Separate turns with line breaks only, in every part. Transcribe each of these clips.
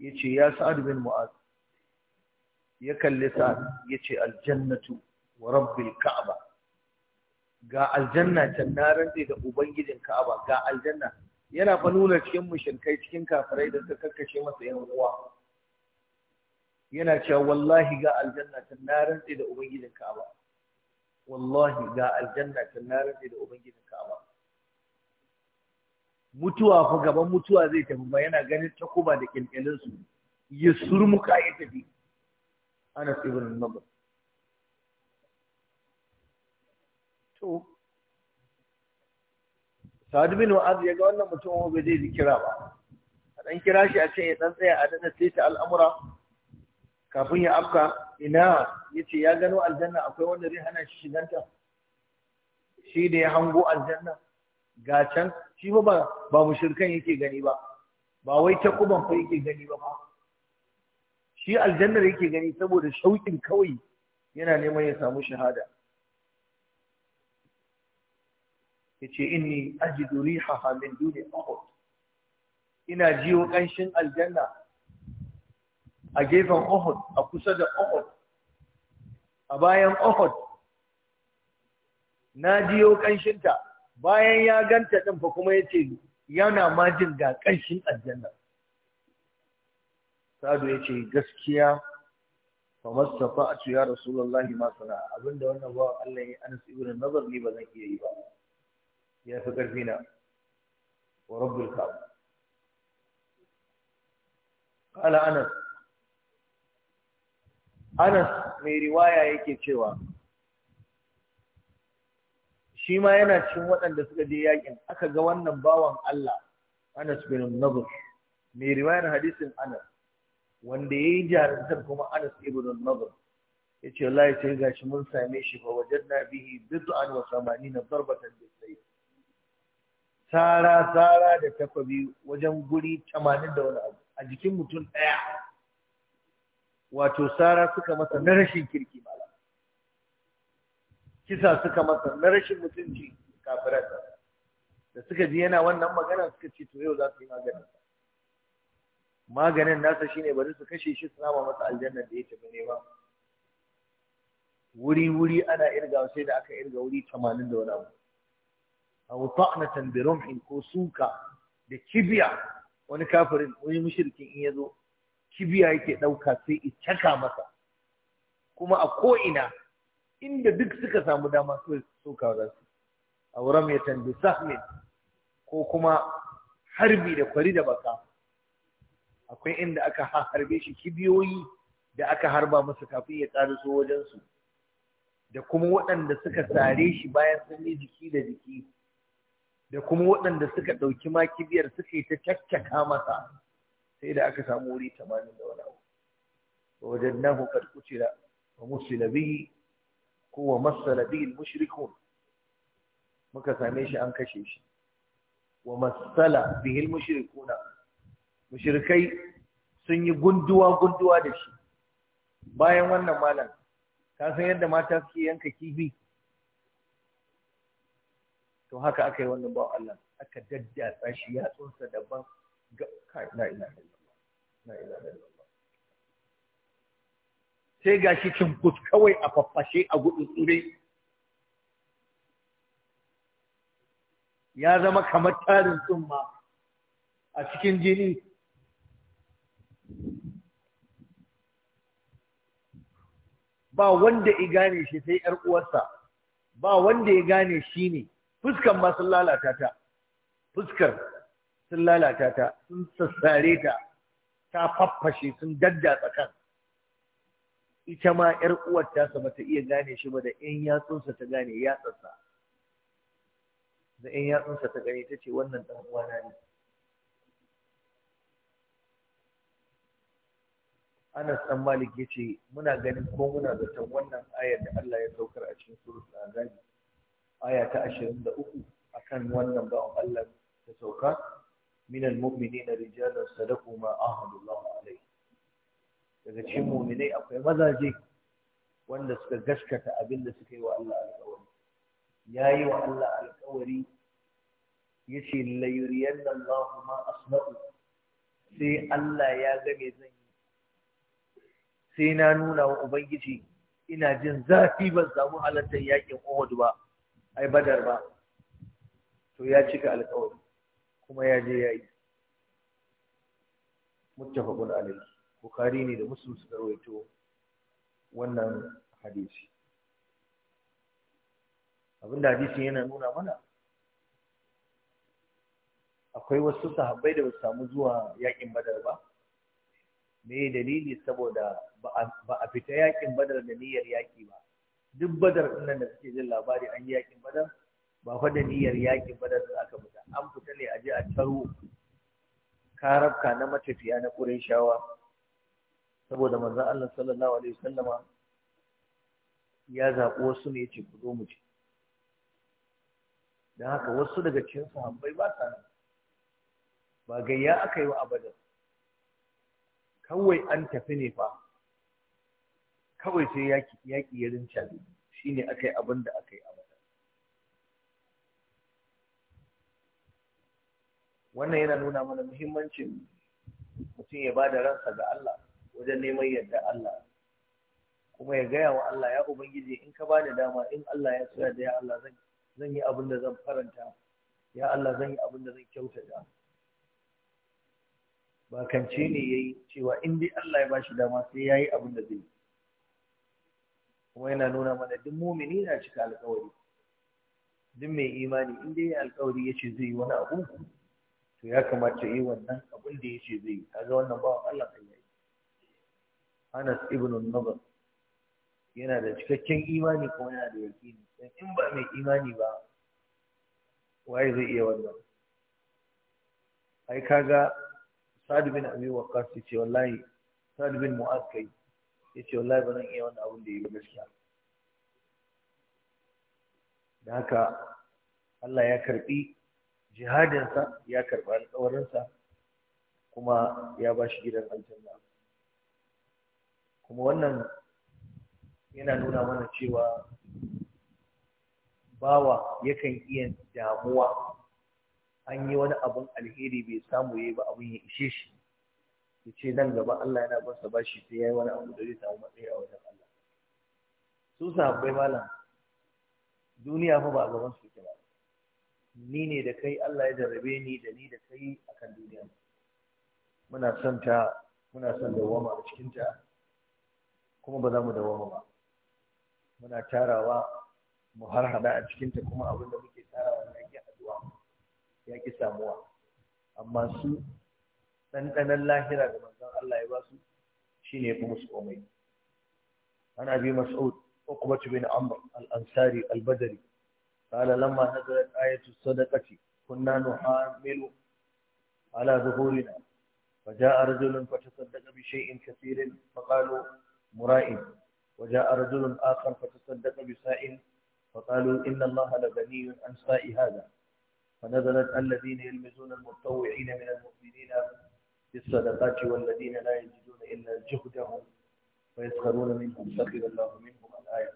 ya ce ya sa'ad bin mu'az ya kalli sa'ad ya ce aljannatu wa rabbil ka'aba ga aljanna can na rantse da ubangijin ka'aba ga aljanna yana fa nuna cikin mushrikai cikin kafirai da suka kakkashe masa yan uwa yana cewa wallahi ga aljanna can na rantse da ubangijin ka'aba wallahi ga aljanna can na rantse da ubangijin ka'aba mutuwa fa gaban mutuwa zai tafi ba yana ganin takuba da kyalkyalin su ya surmuka ya tafi ana ibn nabar to sa'ad bin wa'az ya ga wannan mutum ba zai kira ba a dan kira shi a ce ya dan tsaya a dana sai al'amura kafin ya afka ina yace ya gano aljanna akwai wanda zai hana shi shiganta shi da ya hango aljanna ga can shi fa ba ba mushrikan yake gani ba ba wai kuban fa yake gani ba shi aljannar yake gani saboda shauƙin kawai yana neman ya samu shahada yace inni ajidu rihaha min duni uhud ina jiwo kanshin aljanna a gefen uhud a kusa da uhud a bayan uhud na jiwo kanshinta bayan ya ganta ɗin fa kuma ya ce yana majin ga ƙanshin aljanna sadu ya ce gaskiya fa Mustapha a ya rasulullahi ma sana abinda wannan bawan Allah ya anas ibn nazar ne ba zan iya yi ba ya fi karfi na wa rabbul ka'b qala anas anas mai riwaya yake cewa shi ma yana cikin waɗanda suka je yakin aka ga wannan bawan Allah Anas bin Nadhr mai riwayar hadisin Anas wanda yayi jarantar kuma Anas ibn Nadhr yace wallahi sai gashi mun same shi fa wajadna bihi bid'an wa samanina darbatan bisayf sara sara da takobi wajen guri 80 da wani abu a jikin mutum daya wato sara suka masa na rashin kirki ba kisa suka masa na rashin mutunci kafiran da suka ji yana wannan magana suka ce to yau za su yi maganin maganin nasa shine bari su kashe shi su nama masa aljanna da ya tafi nema wuri wuri ana irga sai da aka irga wuri 80 da wani abu aw ta'natan bi rumhin ko suka da kibiya wani kafirin wani mushrikin in yazo kibiya yake dauka sai i caka masa kuma a ko ina inda duk suka samu dama su soka za su auram ya tambi sahmin ko kuma harbi da kwari da baka akwai inda aka harbe shi kibiyoyi da aka harba masa kafin ya ƙariso wajensu da kuma waɗanda suka sare shi bayan sun yi jiki da jiki da kuma waɗanda suka ɗauki ma kibiyar suka yi ta caccaka masa sai da aka samu wuri tamanin da wani abu wajen nan hukar kucira ba musu bihi ko masala bihi mushrikun muka same shi an kashe shi wa masala bihi mushrikuna mushrikai sun yi gunduwa gunduwa da shi bayan wannan malam ka san yadda mata suke yanka kifi to haka aka yi wannan bawan Allah aka daddatsa shi yatsunsa daban ga na ilaha illallah na ilaha illallah sai ga shi kut kawai a faffashe a gudun tsure ya zama kamar tarin tsumma a cikin jini ba wanda ya gane shi sai ‘yar uwarsa ba wanda ya gane shi ne fuskar ma sun lalata ta fuskar sun lalata ta sun sassare ta ta faffashe sun dadda tsakan. ita ma ‘yar uwar ta ba ta iya gane shi ba da ‘yan yatsunsa ta gane ya tsasa, Da ‘yan yatsunsa ta gane ta ce wannan ɗan uwana ne.
Anas san Malik
ya ce muna ganin ko muna zaton wannan ayar da Allah ya saukar a cikin surut na azabi aya ta a kan wannan ba Allah ta sauka minal mu'minina rijalan sadaqu ma ahadullahu alaihi daga cikin muminai akwai mazaje wanda suka gaskata abin da suka yi wa Allah alƙawari ya yi wa Allah alƙawari ya ce layuriyan Allah ma asna'u sai Allah ya gane zan yi sai na nuna wa Ubangiji ina jin zafi ban samu halartar yakin Uhud ba ai badar ba to ya cika alƙawari kuma ya je ya yi muttafaqun alayhi bukhari ne da muslim suka rawaito wannan hadisi abinda hadisin yana nuna mana akwai wasu sahabbai da ba samu zuwa yakin badar ba me dalili saboda ba a fita yakin badar da niyyar yaki ba duk badar nan da suke jin labari an yi yakin badar ba fa da niyyar yakin badar da aka fita an fita ne a je a taro karabka na matafiya na ƙurin shawa saboda maza Allah sallallahu alaihi wasallama ya zaɓi wasu ne yace ku zo mu ci dan haka wasu daga cikin sahabbai ba sa nan ba gayya aka yi wa abadan kawai an tafi ne fa kawai sai yaki yaki ya rinca shine aka yi abin da aka yi abadan wannan yana nuna mana muhimmancin mutum ya ba da ransa ga Allah wajen neman yadda Allah kuma ya gaya wa Allah ya ubangiji in ka bani dama in Allah ya tsaya da ya Allah zan yi abin da zan faranta ya Allah zan yi abin da zan kyautata ba kance ne yayi cewa in dai Allah ya bashi dama sai yayi abin da zai kuma yana nuna mana duk mumini na cika alƙawari duk mai imani in dai alƙawari yace zai yi wani abu to ya kamata yi wannan abin da yace zai yi kaga wannan ba Allah kai Anas ibn Nadr yana da cikakken imani kuma yana da yakini dan in ba mai imani ba waye zai iya wannan ai kaga Sa'd bin Abi Waqqas yace wallahi Sa'd bin Mu'adh kai yace wallahi ba zan iya wannan abin da yi gaskiya da haka Allah ya karbi jihadinsa ya karba alƙawarinsa kuma ya bashi gidan aljanna kuma wannan yana nuna mana cewa bawa yakan iya damuwa an yi wani abun alheri bai samu ya yi ba abun ya ishe shi ya ce nan gaba Allah yana ba shi sai yi wani abu da zai samu matsayi a wajen Allah su sahabbai malam duniya fa ba a gaban su ke ba ni ne da kai Allah ya jarrabe ni da ni da kai akan duniya muna son ta muna son dawwama a cikin ta kuma ba za mu dawoma ba muna tarawa mu har hada a cikinta kuma abinda muke tarawa ya ki haduwa ya ki samuwa amma su ɗanɗanon lahira ga manzon Allah ya ba su shine ya fi musu komai ana bi mas'ud عقبة al ansari al badri قال لما نزلت آية الصدقة كنا نحامل على ظهورنا فجاء رجل فتصدق بشيء كثير فقالوا مراء وجاء رجل آخر فتصدق بساء فقالوا إن الله لغني عن ساء هذا فنزلت الذين يلمزون المتطوعين من المؤمنين بالصدقات والذين لا يجدون إلا جهدهم ويسخرون منهم سخر الله منهم الآية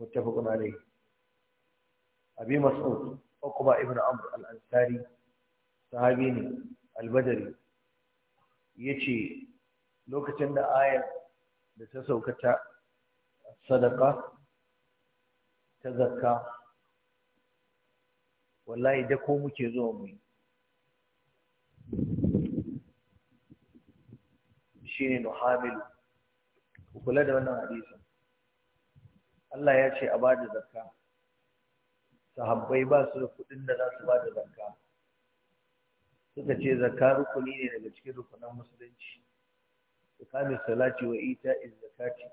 متفق عليه أبي مسعود عقبة ابن عمرو الأنصاري صحابي البدري yace lokacin da ayar da ta sauka ta sadaka ta zakka wallahi da ko muke zuwa mu shine nuhamilu ku kula da wannan hadisin Allah ya ce a ba da zakka sahabbai ba su da kuɗin da za su ba da zakka suka ce zakka rukuni ne daga cikin rukunan musulunci إقام الصلاة وإيتاء الزكاة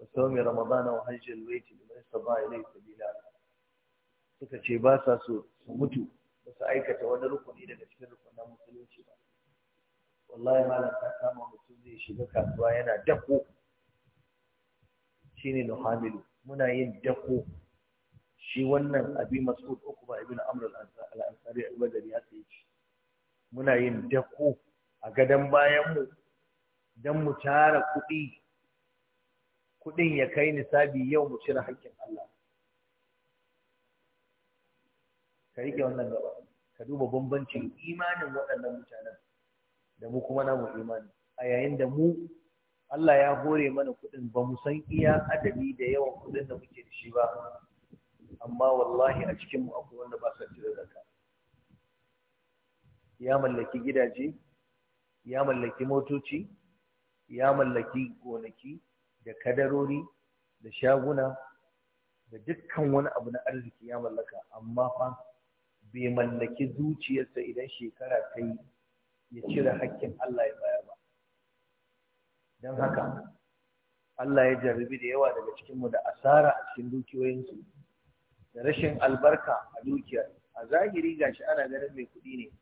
وصوم رمضان وحج البيت لمن استطاع إليه سبيلا suka ce ba so su mutu ba su aikata wani rukuni daga cikin rukunin musulunci ba wallahi malam ta kama mutum zai shiga kasuwa yana dako shine nuhamilu muna yin dako shi wannan abi mas'ud uku ba ibn amr al-ansari al-badri ya ce muna yin dako a gadan bayan mu don mu tara kuɗi kuɗin ya kai nisabi yau mu cire haƙƙin Allah ka rike wannan gaba ka duba bambancin imanin waɗannan mutanen da mu kuma namu imani a yayin da mu Allah ya hore mana kuɗin ba mu san iya adabi da yawan kuɗin da muke da shi ba amma wallahi a cikinmu akwai wanda ba sa cire zakka ya mallaki gidaje ya mallaki motoci ya mallaki gonaki da kadarori da shaguna da dukkan wani abu na arziki ya mallaka amma fa bai mallaki zuciyarsa idan shekara ta yi ya cire hakkin Allah ya baya ba don haka Allah ya jarrabi da yawa daga cikinmu da asara a cikin dukiyoyinsu
da rashin albarka
a dukiyar a zahiri gashi ana ganin mai kuɗi ne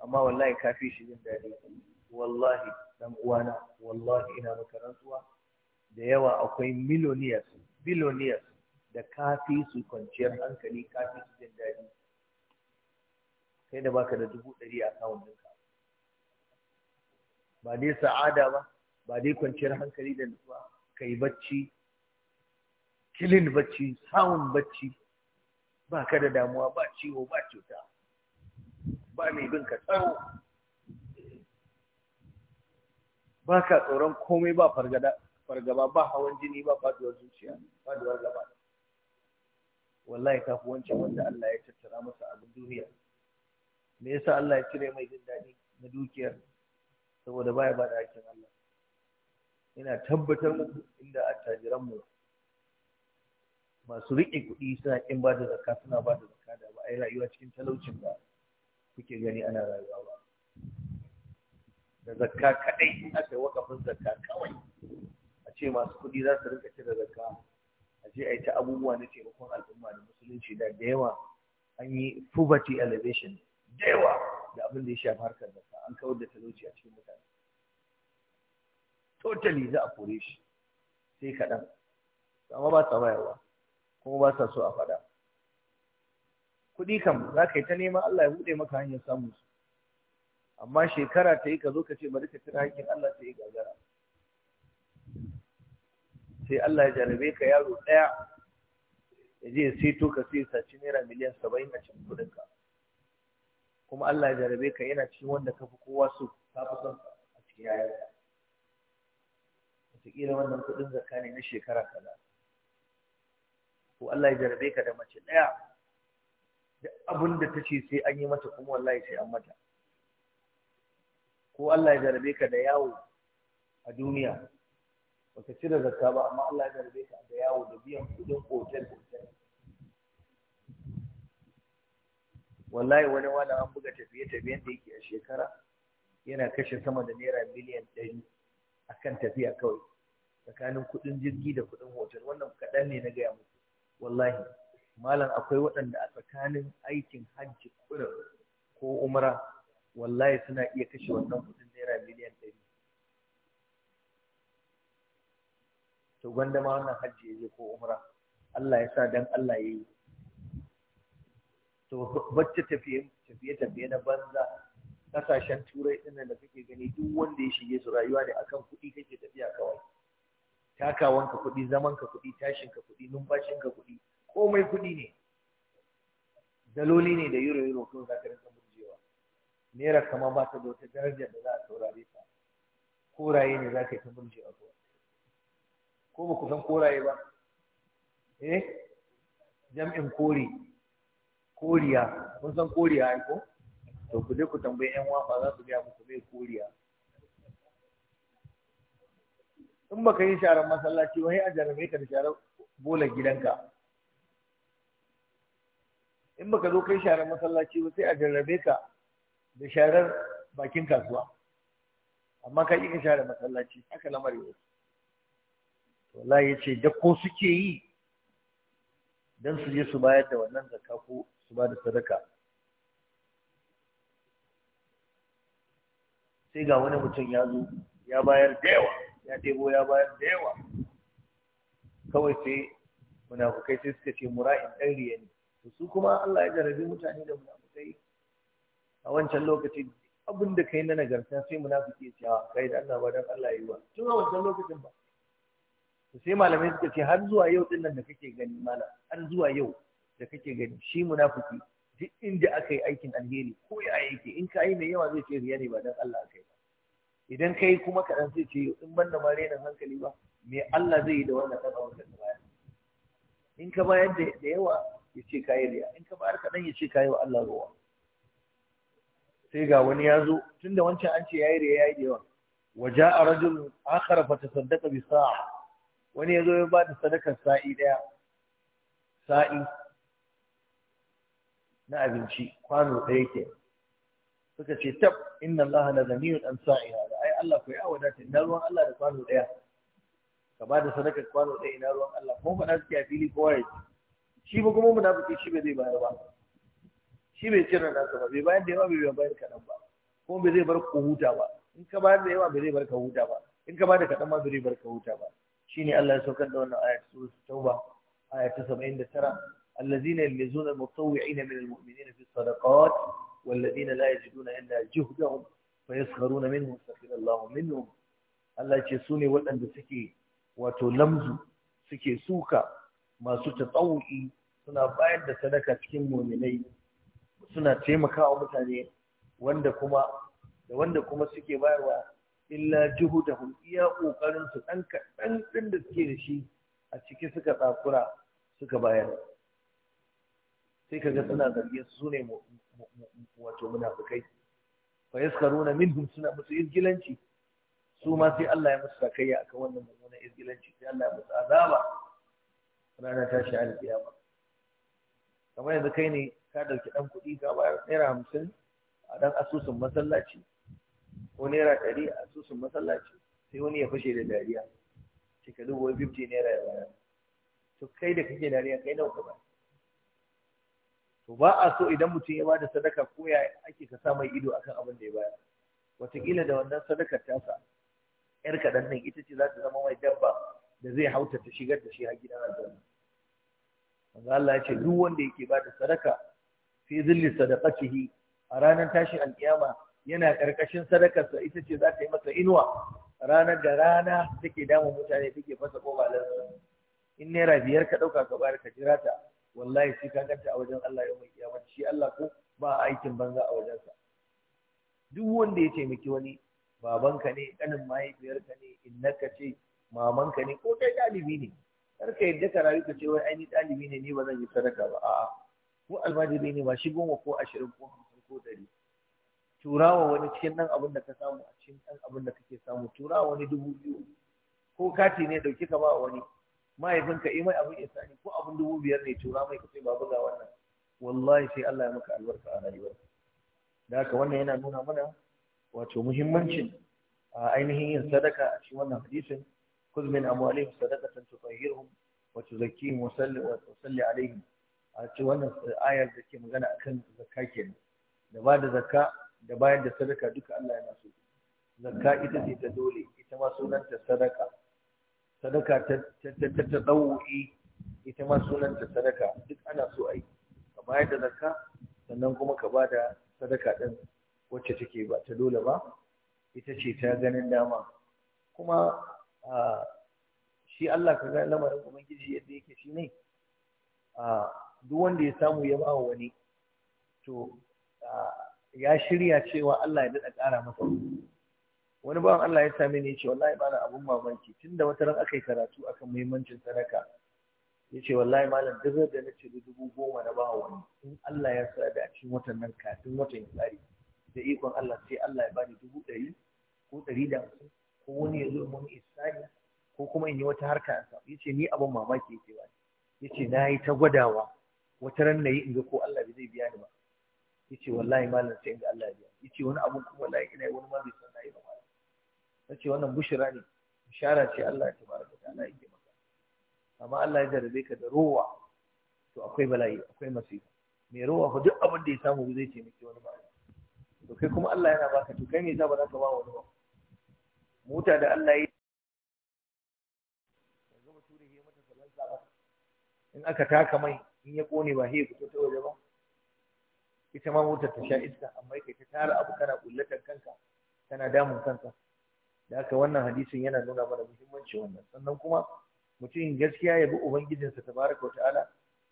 amma wallahi kafi shi jin daɗi wallahi dan uwana wallahi ina maka rantsuwa da yawa akwai millionaires billionaires da kafi su kwanciyar hankali kafi su jin daɗi kai da baka da dubu ɗari a kawun ɗinka ba dai sa'ada ba ba dai kwanciyar hankali da nutsuwa kai bacci kilin bacci sound bacci ba ka da damuwa ba ciwo ba cuta ba mai bin ka tsaro ba ka tsoron komai ba fargaba ba hawan jini ba faduwar zuciya duwar gaba wallahi ka fi wancan wanda Allah ya tattara masa abin duniya me yasa Allah ya cire mai jin daɗi na dukiyar saboda baya ba da hakkin Allah ina tabbatar muku inda attajiran mu masu riƙe kuɗi suna in ba da zakka suna ba da zakka da ba a yi rayuwa cikin talaucin ba, kuke gani ana rayuwa ba da zakka kadai in aka yi wakafin zakka kawai a ce masu kuɗi za su rinka cire zakka a ce a yi ta abubuwa na taimakon al'umma da musulunci da da yawa an yi poverty elevation da yawa da abin da ya shafi harkar zakka an kawar da talauci a cikin mutane totally za a kore shi sai kaɗan amma ba sa bayarwa kuma ba sa so a faɗa kuɗi kam za ka yi ta neman Allah ya buɗe maka hanyar samun su amma shekara ta yi ka zo ka ce bari ka cire hakkin Allah ta yi gagara sai Allah ya jarabe ka yaro ɗaya ya je ya seto ka sai saci naira miliyan saba'in a cikin kuɗinka kuma Allah ya jarabe ka yana cikin wanda ka fi kowa so ka fi son a cikin yayarka wataƙila wannan kuɗin zakka ne na shekara kaza ko Allah ya jarabe ka da mace ɗaya duk abin da ta ce sai an yi mata kuma wallahi sai an mata ko Allah ya jarabe ka da yawo a duniya baka cire zakka ba amma Allah ya jarabe ka da yawo da biyan kudin hotel hotel wallahi wani wani an buga tafiye-tafiyen da yake a shekara yana kashe sama da naira miliyan ɗari a kan tafiya kawai tsakanin kuɗin jirgi da kuɗin hotel wannan kaɗan ne na gaya muku wallahi malam akwai waɗanda a tsakanin aikin hajji kudin ko umra wallahi suna iya kashe wannan kudin naira miliyan ɗari to gwanda ma wannan hajji ya je ko umra Allah ya sa dan Allah ya yi to bacci tafiye tafiye na banza kasashen turai ɗin da kake gani duk wanda ya shige su rayuwa ne akan kuɗi kake tafiya kawai takawanka kuɗi zamanka kuɗi tashinka kuɗi numfashinka kuɗi komai kuɗi ne daloli ne da yuro-yuro, kuma za ka rinka Nera kama ba ta da wata darajar da za a saurare ta koraye ne za ka yi ta murje a ko ba ku san koraye ba eh jam'in kore koriya kun san koriya ai ko to ku je ku tambayi yan wafa za su gaya muku mai koriya in ba ka yi sharar masallaci wai a jarumai ka da sharar bola gidanka in baka zo kai sharar masallaci ba sai a jarrabe ka da sharar bakin kasuwa amma ka iya share masallaci haka lamar ne wallahi yace da ko suke yi dan su je su bayar da wannan zakka ko su ba da sadaka sai ga wani mutum ya zo ya bayar da yawa ya debo ya bayar da yawa kawai sai munafukai sai suka ce mura'in ɗan riya ne su kuma Allah ya jarabi mutane da munafukai a wancan lokacin abin da kai na nagarta sai munafiki ce a ah, kai da Allah ba dan Allah yi ba tun a wancan lokacin ba sai malamai suka ce har zuwa yau din nan da kake gani malam har zuwa yau da kake gani shi munafiki duk inda aka yi aikin alheri ko ya yake in ka yi mai yawa zai ce riya ne ba dan Allah aka yi ba idan kai kuma kaɗan sai ce in ban da ma renin hankali ba me Allah zai yi da wannan ɗan abin da ka bayar in ka bayar da yawa ya ce kayi riya in ka bayar kaɗan ya ce kayi wa Allah ruwa sai ga wani ya zo tunda wancan an ce yayi da ya yi da yawa waja a rajul akhar fata tasaddaqa bi sa'a wani ya zo ya ba da sadakar sa'i daya sa'i na abinci kwano ɗaya ke suka ce tab inna allaha la ghaniyyu an sa'iha ai Allah ko ya wadata ina ruwan Allah da kwano ɗaya ka ba da sadakar kwano ɗaya ina ruwan Allah ko ba na suke a fili kowa ya shi ba kuma munafiki shi ba zai bayar ba shi bai cire nasa ba bai bayar da yawa bai bayar kaɗan ba kuma bai zai bar ku huta ba in ka bayar da yawa bai zai bar ka huta ba in ka bayar da kaɗan ma bai zai bar ka huta ba shine Allah ya saukar da wannan aya ta tauba aya ta da 79 allazina yalmizuna almutawwi'ina min almu'minina fi sadaqat والذين لا يجدون إلا جهدهم فيسخرون منهم سخر الله منهم Allah ce su ne waɗanda suke wato lamzu suke suka masu tatsawu'i suna bayar da sadaka cikin muminai suna taimakawa mutane wanda kuma da wanda kuma suke bayarwa illa juhudahum iya kokarin su dan kadan din da suke da shi a ciki suka tsakura suka bayar
sai kaga suna zargin
su ne wato munafikai fa yaskaruna minhum suna musu izgilanci su ma sai Allah ya musu sakayya akan wannan mummunan izgilanci sai Allah ya musu azaba rana ta shi alƙiyama kamar yanzu kai ne ka ɗauki ɗan kuɗi ka bayar naira hamsin a ɗan asusun masallaci ko naira ɗari a asusun masallaci sai wani ya fashe da dariya sai ka dubo fifty naira ya bayar to kai da kake dariya kai nawa ka to ba a so idan mutum ya bada sadaka ko ya ake ka sa mai ido akan abin da ya bayar wataƙila da wannan sadakar tasa yar kaɗan nan ita ce za ta zama mai dabba da zai hauta ta shigar da shi a gidan aljanna Allah ya ce duk wanda yake bada sadaka fi zilli sadaqatihi a ranar tashi alkiyama yana karkashin sadakarsa ita ce za ta yi masa inuwa ranar da rana take damun mutane take fasa kobalarsa in naira biyar ka ɗauka ka bayar ka jira ta wallahi sai ka ganta a wajen Allah yau mai kiyama shi Allah ko ba aikin banza a wajensa duk wanda ya taimaki wani babanka ne kanin mahaifiyarka ne ka ce mamanka ne ko kai ɗalibi ne kar ka yarda ka rayu ka ce wai ainihin ɗalibi ne ni ba zan yi sadaka ba a'a ko almajiri ne ba shi goma ko ashirin ko hamsin ko ɗari turawa wani cikin ɗan abin da ka samu a cikin ɗan abin da kake samu turawa wani dubu biyu ko kati ne ɗauki ka ba wani mahaifinka eh mai abin isani ko abin dubu biyar ne tura mai ka kace babu ga wannan wallahi sai Allah ya maka albarka a rayuwar da haka wannan yana nuna mana wato muhimmancin ainihin yin sadaka a cikin wannan hadisin Kuzmin min amwalihim sadaqatan tutahhiruhum wa tuzakkihim wa salli wa salli alaihim a ce wannan ayar da ke magana akan zakka kenan da ba da zakka da bayan da sadaka duka Allah yana so zakka ita ce ta dole ita ma sunanta sadaka sadaka ta ta ta ta ita ma sunanta sadaka duk ana so ai ka bayar da zakka sannan kuma ka ba da sadaka din wacce take ba ta dole ba ita ce ta ganin dama kuma shi Allah ka ga lamarin ubangiji yadda yake shi ne a duk wanda ya samu ya bawa wani to ya shirya cewa Allah ya daɗa ƙara masa wani bawan Allah ya same ni ce wallahi ba na abun mamaki tunda wata ran aka yi karatu akan muhimmancin sadaka ya ce wallahi malam duk da na ce dubu goma na bawa wani in Allah ya sa da a cikin watan nan kafin watan ya tsari da ikon Allah sai Allah ya bani dubu ɗari ko ɗari da hamsin ko wani ya zo mun isani ko kuma in yi wata harka a samu ya ce ni abin mamaki ya ce ba ya ce na yi ta gwadawa wata ran nayi in ga ko Allah bai zai biya ni ba yace wallahi malam sai in ga Allah ya biya yace wani abu kuma wallahi ina wani ma bai san nayi ba malam yace wannan bushira ne bishara ce Allah ya tabaraka ta'ala yake maka amma Allah ya jarabe ka da rowa to akwai bala'i akwai masifa mai rowa fa duk abin da ya samu zai taimaki wani ba to kai kuma Allah yana baka to kai me za ba za ka ba wani ba mota da Allah ya yanzu mutum ne mata salon in aka taka mai in ya kone ba sai fito ta waje ba ita ma motar ta sha iska amma kai ta tara abu kana kullatar kanka kana damun kanka da haka wannan hadisin yana nuna mana muhimmanci wannan sannan kuma mutum gaskiya ya bi ubangijinsa tabaraka ta'ala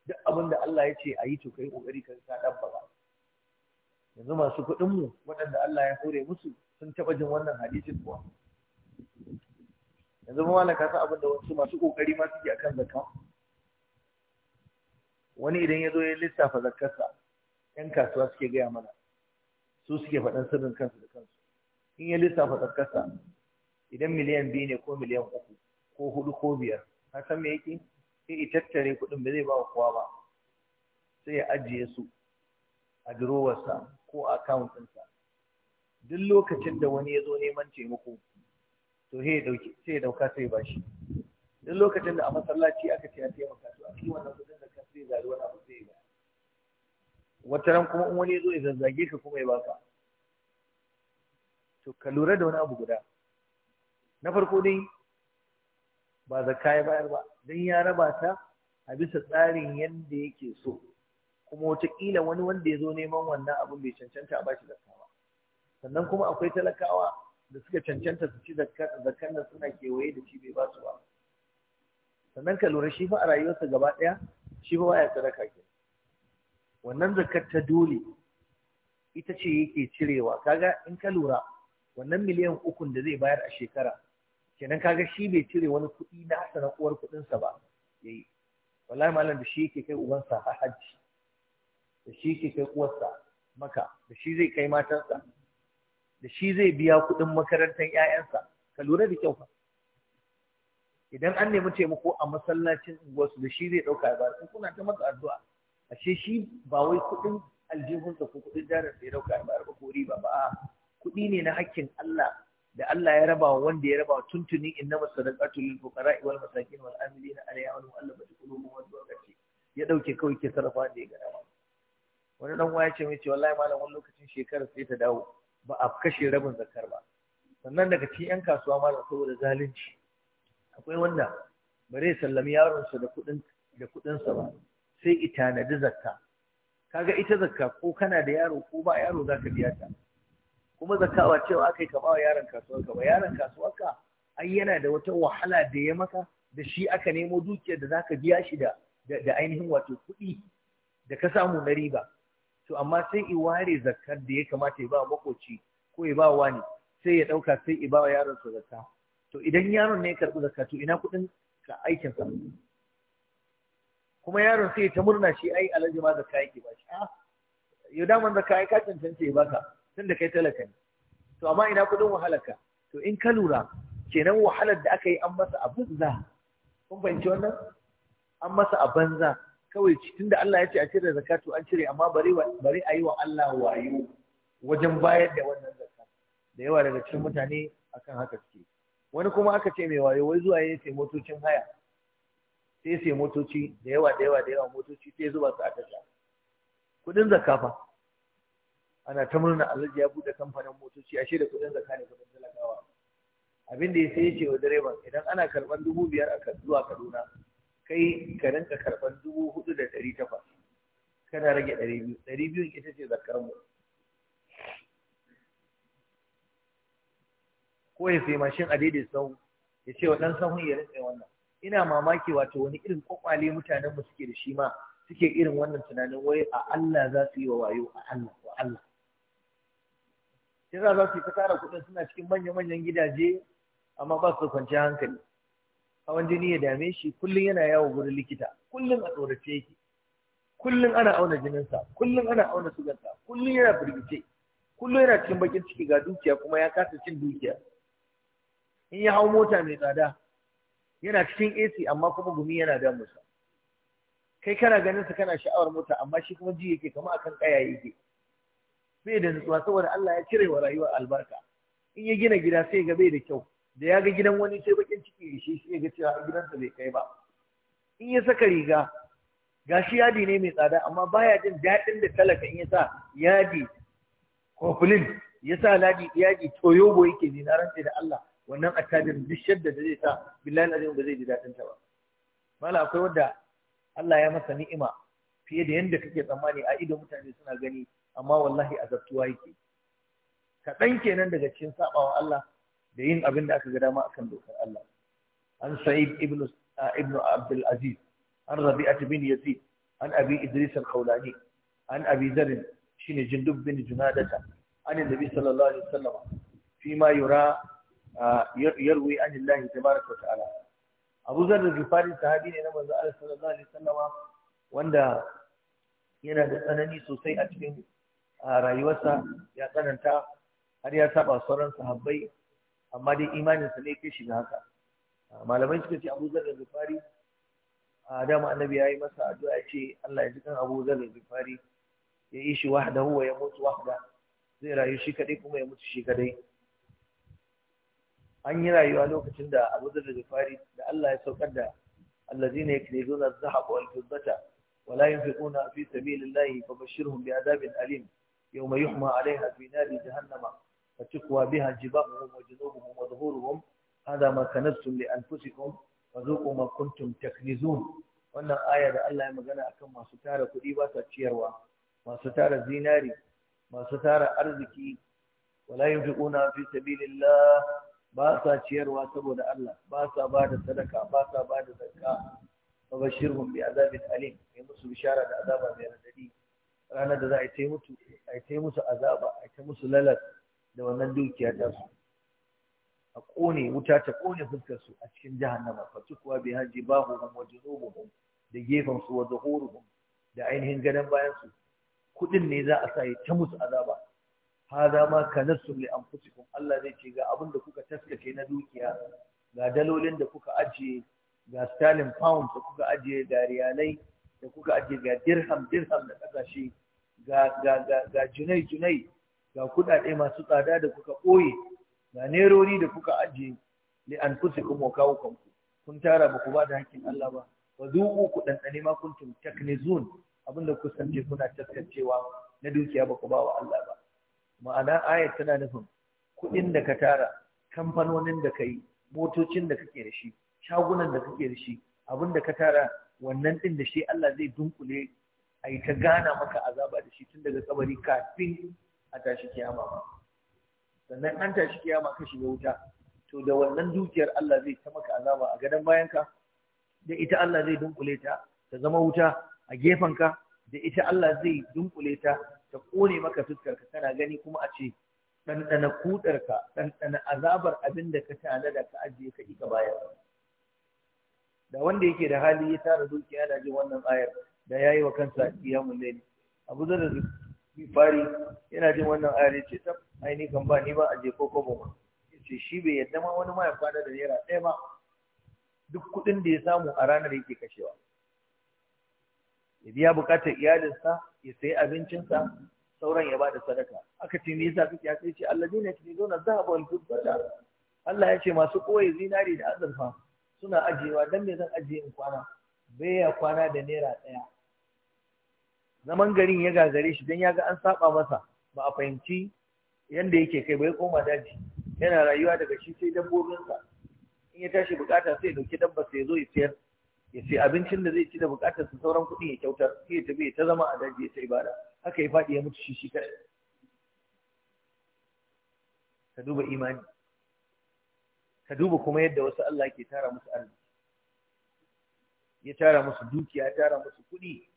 duk abin da Allah ya ce a yi to kai kokari ka sa dan baba yanzu masu kuɗin mu waɗanda Allah ya hore musu sun taɓa jin wannan hadisin kuwa yanzu ma na kasa abin da wasu masu kokari ma suke akan zakka wani idan ya zo ya lissafa zakarsa yan kasuwa suke gaya mana su suke faɗan sirrin kansu da kansu in ya lissafa zakarsa idan miliyan biyu ne ko miliyan uku ko hudu ko biyar ka san me yake sai ya tattare kuɗin ba zai ba wa kowa ba sai ya ajiye su a durowarsa ko a akawuntinsa. duk lokacin da wani ya zo neman taimako to sai ya ɗauka sai ya dauka sai bashi duk lokacin da a masallaci aka ce a taimaka to a ciwon nan kudin sai zari wani abu sai ya wata ran kuma in wani ya zo ya zazzage ka kuma ya baka to ka lura da wani abu guda na farko dai ba zakka ya bayar ba don ya raba ta a bisa tsarin yadda yake so kuma wataƙila wani wanda ya zo neman wannan abin bai cancanta a bashi zakka ba sannan kuma akwai talakawa da suka cancanta su ci zakkan nan suna kewaye da shi bai ba su ba sannan ka lura shi fa a rayuwarsa gaba ɗaya shi ba ya sadaka ke wannan zakar ta dole ita ce yake cirewa kaga in ka lura wannan miliyan uku da zai bayar a shekara kenan kaga shi bai cire wani kuɗi na hasana na uwar kuɗinsa ba yayi wallahi malam da shi yake kai ubansa a hajji da shi yake kai uwarsa maka da shi zai kai matansa da shi zai biya kuɗin makarantar 'ya'yansa ka lura da kyau fa idan an nemi taimako a masallacin unguwarsu da shi zai ɗauka ya su kuna ta masa addu'a ashe shi ba wai kuɗin aljihun ko kuɗin jarar da ya ɗauka ya ba ko riba ba a kuɗi ne na hakkin Allah da Allah ya raba wanda ya raba tuntuni innama masadaqatul lil fuqara wal masakin wal amilin alayha wal mu'allafati qulubuhum wa tuqati ya dauke kawai ke sarrafa da ya ga dama wani dan waya ce mai ce wallahi malam wani lokacin shekarar sai ta dawo ba a kashe rabin zakar ba sannan daga cikin yan kasuwa malam saboda zalunci akwai wanda ba zai sallami yaronsa da kudin da kuɗinsa ba sai ita na da zakka kaga ita zakka ko kana da yaro ko ba yaro zaka biya ta kuma zakkawa cewa akai ka ba yaron ka. ba yaron kasuwarka ai yana da wata wahala da ya maka da shi aka nemo dukiyar da zaka biya shi da da ainihin wato kuɗi da ka samu na riba to amma sai i ware zakkar da ya kamata ya ba makoci ko ya ba wani sai ya ɗauka sai i ba yaron sa zakka to idan yaron ne ya karɓi zakka to ina kuɗin ka aikin sa kuma yaron sai ta murna shi ai alhaji ma zakka yake ba shi a ah, yau daman zakka ai ka cancanta ya baka da kai talaka ne to amma ina kuɗin wahalaka? to in ka lura kenan wahalar da aka yi an masa a banza kun fahimci wannan an masa a banza kawai da Allah ya ce a cire zakatu an cire amma bari bari a yi wa Allah wayo
wajen bayar da
wannan zakka da yawa daga cikin mutane akan haka suke wani kuma aka ce mai wayo wai zuwa ya sai motocin haya sai sai motoci da yawa da yawa da yawa motoci sai zuba su a tasha kudin zakka fa ana ta murna alhaji ya bude kamfanin motoci ashe da kudin zakka ne kudin talakawa abin da sai ya ce wa direban idan ana karban dubu biyar a zuwa kaduna kai ka rinka karban dubu hudu da ɗari takwas kana rage ɗari biyu ɗari biyun ita ce zakkar mu ko ya sai mashin a daidai sau ya ce wa ɗan sahun ya rinka wannan ina mamaki wato wani irin kwakwale mutanen mu suke da shi ma suke irin wannan tunanin wai a Allah za su yi wa wayo a Allah wa Allah sai za su yi ta tara kuɗin suna cikin manya-manyan gidaje amma ba su kwanci hankali hawan jini ya dame shi kullum yana yawo gurin likita kullum a tsorace yake kullum ana auna jininsa kullum ana auna sugansa kullum yana firgice kullum yana cikin bakin ciki ga dukiya kuma ya kasa cin dukiya in ya hau mota mai tsada yana cikin AC amma kuma gumi yana damunsa kai kana ganin sa kana sha'awar mota amma shi kuma ji yake kama akan kaya yake bai da nutsuwa saboda Allah ya cire wa rayuwa albarka in ya gina gida sai ga bai da kyau da ya ga gidan wani sai bakin ciki ya shi sai ga cewa gidansa bai kai ba in ya saka riga gashi yadi ne mai tsada amma baya jin daɗin da talaka in ya sa yadi kofulin ya sa ladi yadi toyobo yake ne na rantse da Allah wannan attajirin duk da zai sa billahi alazim ba zai ji dadin ta ba mala akwai wanda Allah ya masa ni'ima fiye da yanda kake tsammani a ido mutane suna gani amma wallahi azabtuwa yake kaɗan kenan daga cikin sabawa Allah da yin abin da aka ga dama akan dokar Allah an sa'id ibnu ibnu abdul aziz an rabi'at bin yazid an abi idris al-khawlani an abi dharr shine jindub bin junadata an annabi sallallahu alaihi wasallam fi ma yura yarwi an Allah tabaraka wa ta'ala Abu Zar al-Ghifari sahabi ne na manzo Allah sallallahu alaihi wasallam wanda yana da tsanani sosai a cikin rayuwarsa ya tsananta har ya saba sauran sahabbai amma dai imaninsa ne shi shiga haka malamai suka ce Abu Zar al-Ghifari dama annabi ya yi masa addu'a ya ce Allah ya ji kan Abu Zar al-Ghifari ya yi shi wahdahu wa ya mutu wahda zai rayu shi kaɗai kuma ya mutu shi kadai an yi rayuwa lokacin da Abu Dharr fari. da Allah ya saukar da allazina yaknizuna adh-dhahaba wal fiddata wa yunfiquna fi sabilillahi fabashshirhum bi'adabin alim yawma yuhma 'alayha fi nari jahannama fatukwa biha jibahuhum wa junubuhum wa dhuhuruhum
hadha ma kanaztum
li anfusikum fazuqu ma kuntum taknizun wannan aya da Allah ya magana akan masu tara kuɗi ba sa ciyarwa masu tara zinari masu tara arziki wala yunfiquna fi sabilillah ba sa ciyarwa saboda Allah ba sa ba da sadaka ba sa ba da zakka fa bashirhum bi azabin alim kai musu bishara da azaba mai radadi ranar da za a yi mutu musu azaba a yi musu lalat da wannan dukiya ta su a kone wuta ta kone fuskar su a cikin jahannama fa tukwa bi haji waje wa ba, da gefen su wa zuhuruhum da ainihin gadon bayan su kudin ne za a sa ta musu azaba hada ma kanasu li anfusikum Allah zai ce ga abin kuka taskace na dukiya ga dalolin da kuka ajiye ga sterling pound da kuka ajiye ga riyalai da kuka ajiye ga dirham dirham da kasashe ga ga ga ga junai junai ga kudade masu tsada da kuka boye ga nerori da kuka ajiye li anfusikum wa kawukum kun tara ba ku ba da hakkin Allah ba wa zuku ku dandane ma kuntum taknizun abinda ku sanje kuna taskacewa na dukiya ba ku ba wa Allah ba ma'ana ayat tana nufin kuɗin da ka tara kamfanonin da ka yi motocin da kake da shi shagunan da kake da shi abin da ka tara wannan ɗin da shi Allah zai dunkule a yi ta gana maka azaba da shi tun daga kabari kafin a tashi kiyama sannan an tashi kiyama ka shiga wuta to da wannan dukiyar Allah zai ta maka azaba a gadon bayanka da ita Allah zai dunkule ta ta zama wuta a gefen ka da ita Allah zai dunkule ta ta kone maka fuskar ka kana gani kuma a ce ɗanɗana kudar ka ɗanɗana azabar abin da ka tana da ka ajiye ka ka bayar da wanda yake da hali ya tara dukiya da jin wannan ayar da yayi wa kansa kiyamun laili abu zan da fari yana jin wannan ayar ya ce tab ai ni kan ba ni ba aje ko ko ba ce shi bai yadda ma wani ma ya fada da naira ɗaya ba duk kuɗin da ya samu a ranar yake kashewa ya biya bukatar iyalinsa ya sayi abincinsa sauran ya bada sadaka aka ce me yasa ce, Allah yace na yaknizuna dhahaba wal fiddata Allah ya ce masu koyi zinari da azurfa suna ajiyewa dan me zan ajiye in kwana baya kwana da naira ɗaya zaman garin ya gagare shi dan ya ga an saba masa ba a fahimci yadda yake kai bai koma daji yana rayuwa daga shi sai dabbobinsa in ya tashi bukata sai ya dauki dabba sai ya zo ya sayar. ya ce abincin da zai ci da bukatar su sauran kuɗi ya kyautar sai ya tafi ta zama a daji ya ta ibada haka ya faɗi ya mutu shi shi kaɗai ka duba imani ka duba kuma yadda wasu Allah ke tara musu arziki ya tara musu dukiya ya tara musu kuɗi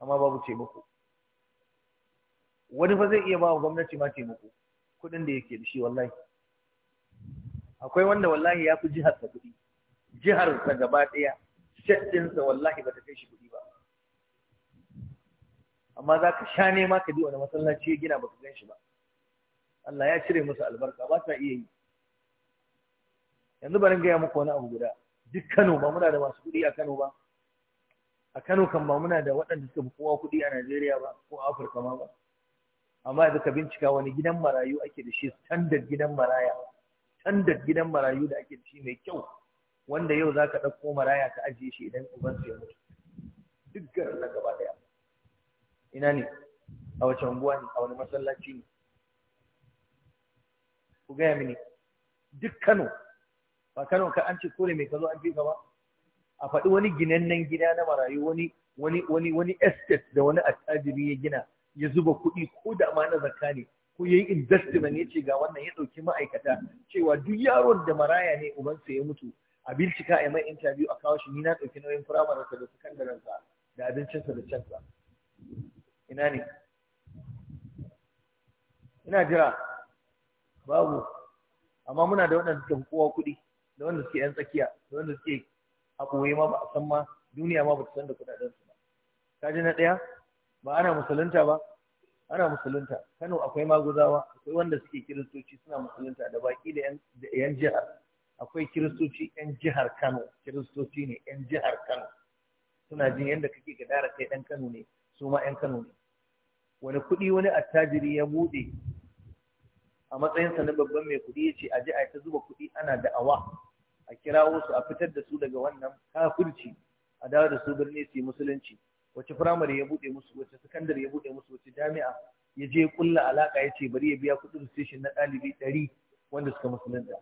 amma babu taimako wani fa zai iya ba gwamnati ma taimako kuɗin da yake da shi wallahi akwai wanda wallahi ya fi jihar sa kuɗi jihar ta gaba ɗaya jet ɗinsa wallahi ba ta kai shi kuɗi ba amma za ka sha nema ka bi wani masallaci ya gina ba ka gan ba Allah ya cire musu albarka ba ta iya yi yanzu bari gaya muku wani abu guda duk Kano ba muna da masu kuɗi a Kano ba a Kano kan ba muna da waɗanda suka fi kowa kuɗi a Najeriya ba ko a Afirka ma ba amma yanzu ka bincika wani gidan marayu ake da shi standard gidan maraya standard gidan marayu da ake da shi mai kyau wanda yau za ka ɗauko maraya ka ajiye shi idan su ya mutu duk garin na gaba ɗaya ina ne a wacce unguwa ne a wani masallaci ne ku gaya mini duk Kano ba Kano ka an ce kone mai ka zo an fi ba a faɗi wani ginannen gida na marayu wani wani wani wani estate da wani attajiri ya gina ya zuba kuɗi ko da ma na zakka ne ko yayi investment ya ce ga wannan ya ɗauki ma'aikata cewa duk yaron da maraya ne ubansa ya mutu a bincika a yi mai interview a kawo shi ni na ɗauki nauyin firamarinsa da sakandarensa da abincinsa da cansa ina ne ina jira babu amma muna da waɗanda suke kowa kuɗi da wanda suke yan tsakiya da wanda suke a ɓoye ma ba a san ma duniya ma ba ta san da kuɗaɗensu ba ka ji na ɗaya ba ana musulunta ba ana musulunta kano akwai maguzawa akwai wanda suke kiristoci suna musulunta da baƙi da yan jihar akwai kiristoci 'yan jihar Kano kiristoci ne 'yan jihar Kano suna jin yadda kake gadara kai ɗan Kano ne su ma 'yan Kano ne wani kuɗi wani attajiri ya buɗe a matsayinsa na babban mai kuɗi ya ce a ji a ta zuba kuɗi ana da'awa a kirawo su a fitar da su daga wannan kafirci a dawo da su birni su musulunci wace firamare ya buɗe musu wace sakandare ya buɗe musu wace jami'a ya je kulla alaƙa ya ce bari ya biya kuɗin station na ɗalibi ɗari wanda suka musulunta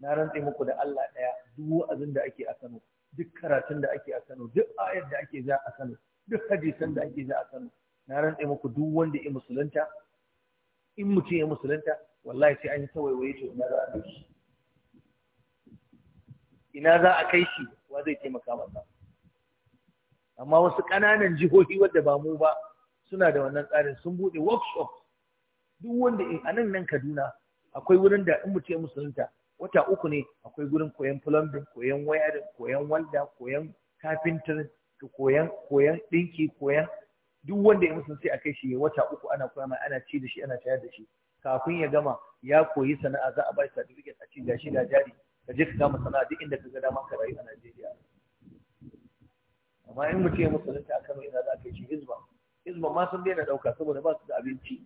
na rantse muku da Allah ɗaya duk wa'azin da ake a Kano duk karatun da ake a Kano duk ayar da ake za a Kano duk hadisan da ake za a Kano na rantse muku duk wanda ya musulunta in mutum ya musulunta wallahi sai an yi ta waiwaye to ina za a kai shi ina za a kai shi wa zai taimaka masa amma wasu ƙananan jihohi wadda ba mu ba suna da wannan tsarin sun buɗe workshop duk wanda a nan nan Kaduna akwai wurin da in mutum ya musulunta wata uku ne akwai gurin koyan plumbing koyan wayarin koyan walda koyan carpenter koyan koyan dinki koyan duk wanda ya musu sai a kai shi wata uku ana koya mai ana ci da shi ana tayar da shi kafin ya gama ya koyi sana'a za a ba shi duk a ci gashi da jari ka je ka kama sana'a duk inda ka ga dama ka rayu a Najeriya amma in mutum ya sai a Kano ina za a kai shi hizba hizba ma sun daina dauka saboda ba su da abinci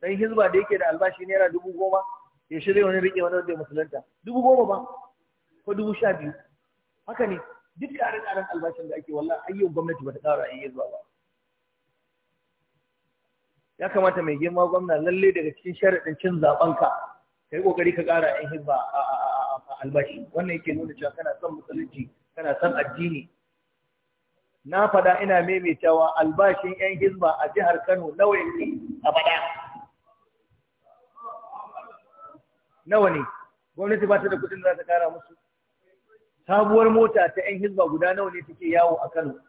dan hizba da yake da albashi naira dubu goma ya shirya wani rike wani wanda ya musulunta dubu goma ba ko dubu sha biyu haka ne duk ƙarin ƙarin albashin da ake wallahi ayyau gwamnati ba ta ƙara iya zuwa ba ya kamata mai girma gwamna lalle daga cikin sharaɗin cin zaɓen ka yi ƙoƙari ka ƙara yan hibba a albashi wannan yake nuna cewa kana son musulunci kana son addini na faɗa ina maimaitawa albashin yan hizba a jihar kano nawa yake a faɗa nawa ne gwamnati ba ta da kudin da za ta kara musu sabuwar mota ta 'yan hizba guda nawa ne take yawo a kano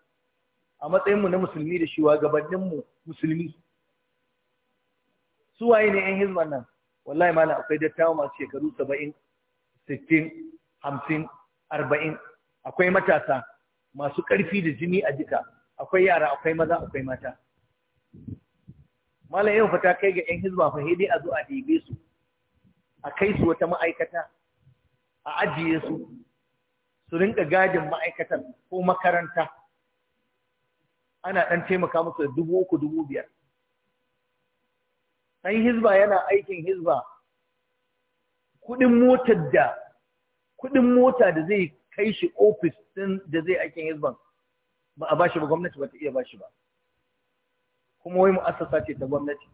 a matsayinmu na musulmi da gabaninmu musulmi Su waye ne 'yan hizba nan wallahi mana akwai dattawa masu shekaru saba'in sittin hamsin arba'in akwai matasa masu ƙarfi da jini a jika akwai yara akwai maza akwai mata malam yau fa ta kai ga 'yan hizba fa dai a zo a ɗebe su a kai su wata ma'aikata a ajiye su su rinka gadin ma'aikatar ko makaranta ana ɗan taimaka musu da dubu uku dubu biyar ɗan hizba yana aikin hizba kuɗin motar da kuɗin mota da zai kai shi ofis ɗin da zai aikin hizban ba a bashi ba gwamnati ba ta iya bashi ba kuma wai mu'assasa ce ta gwamnati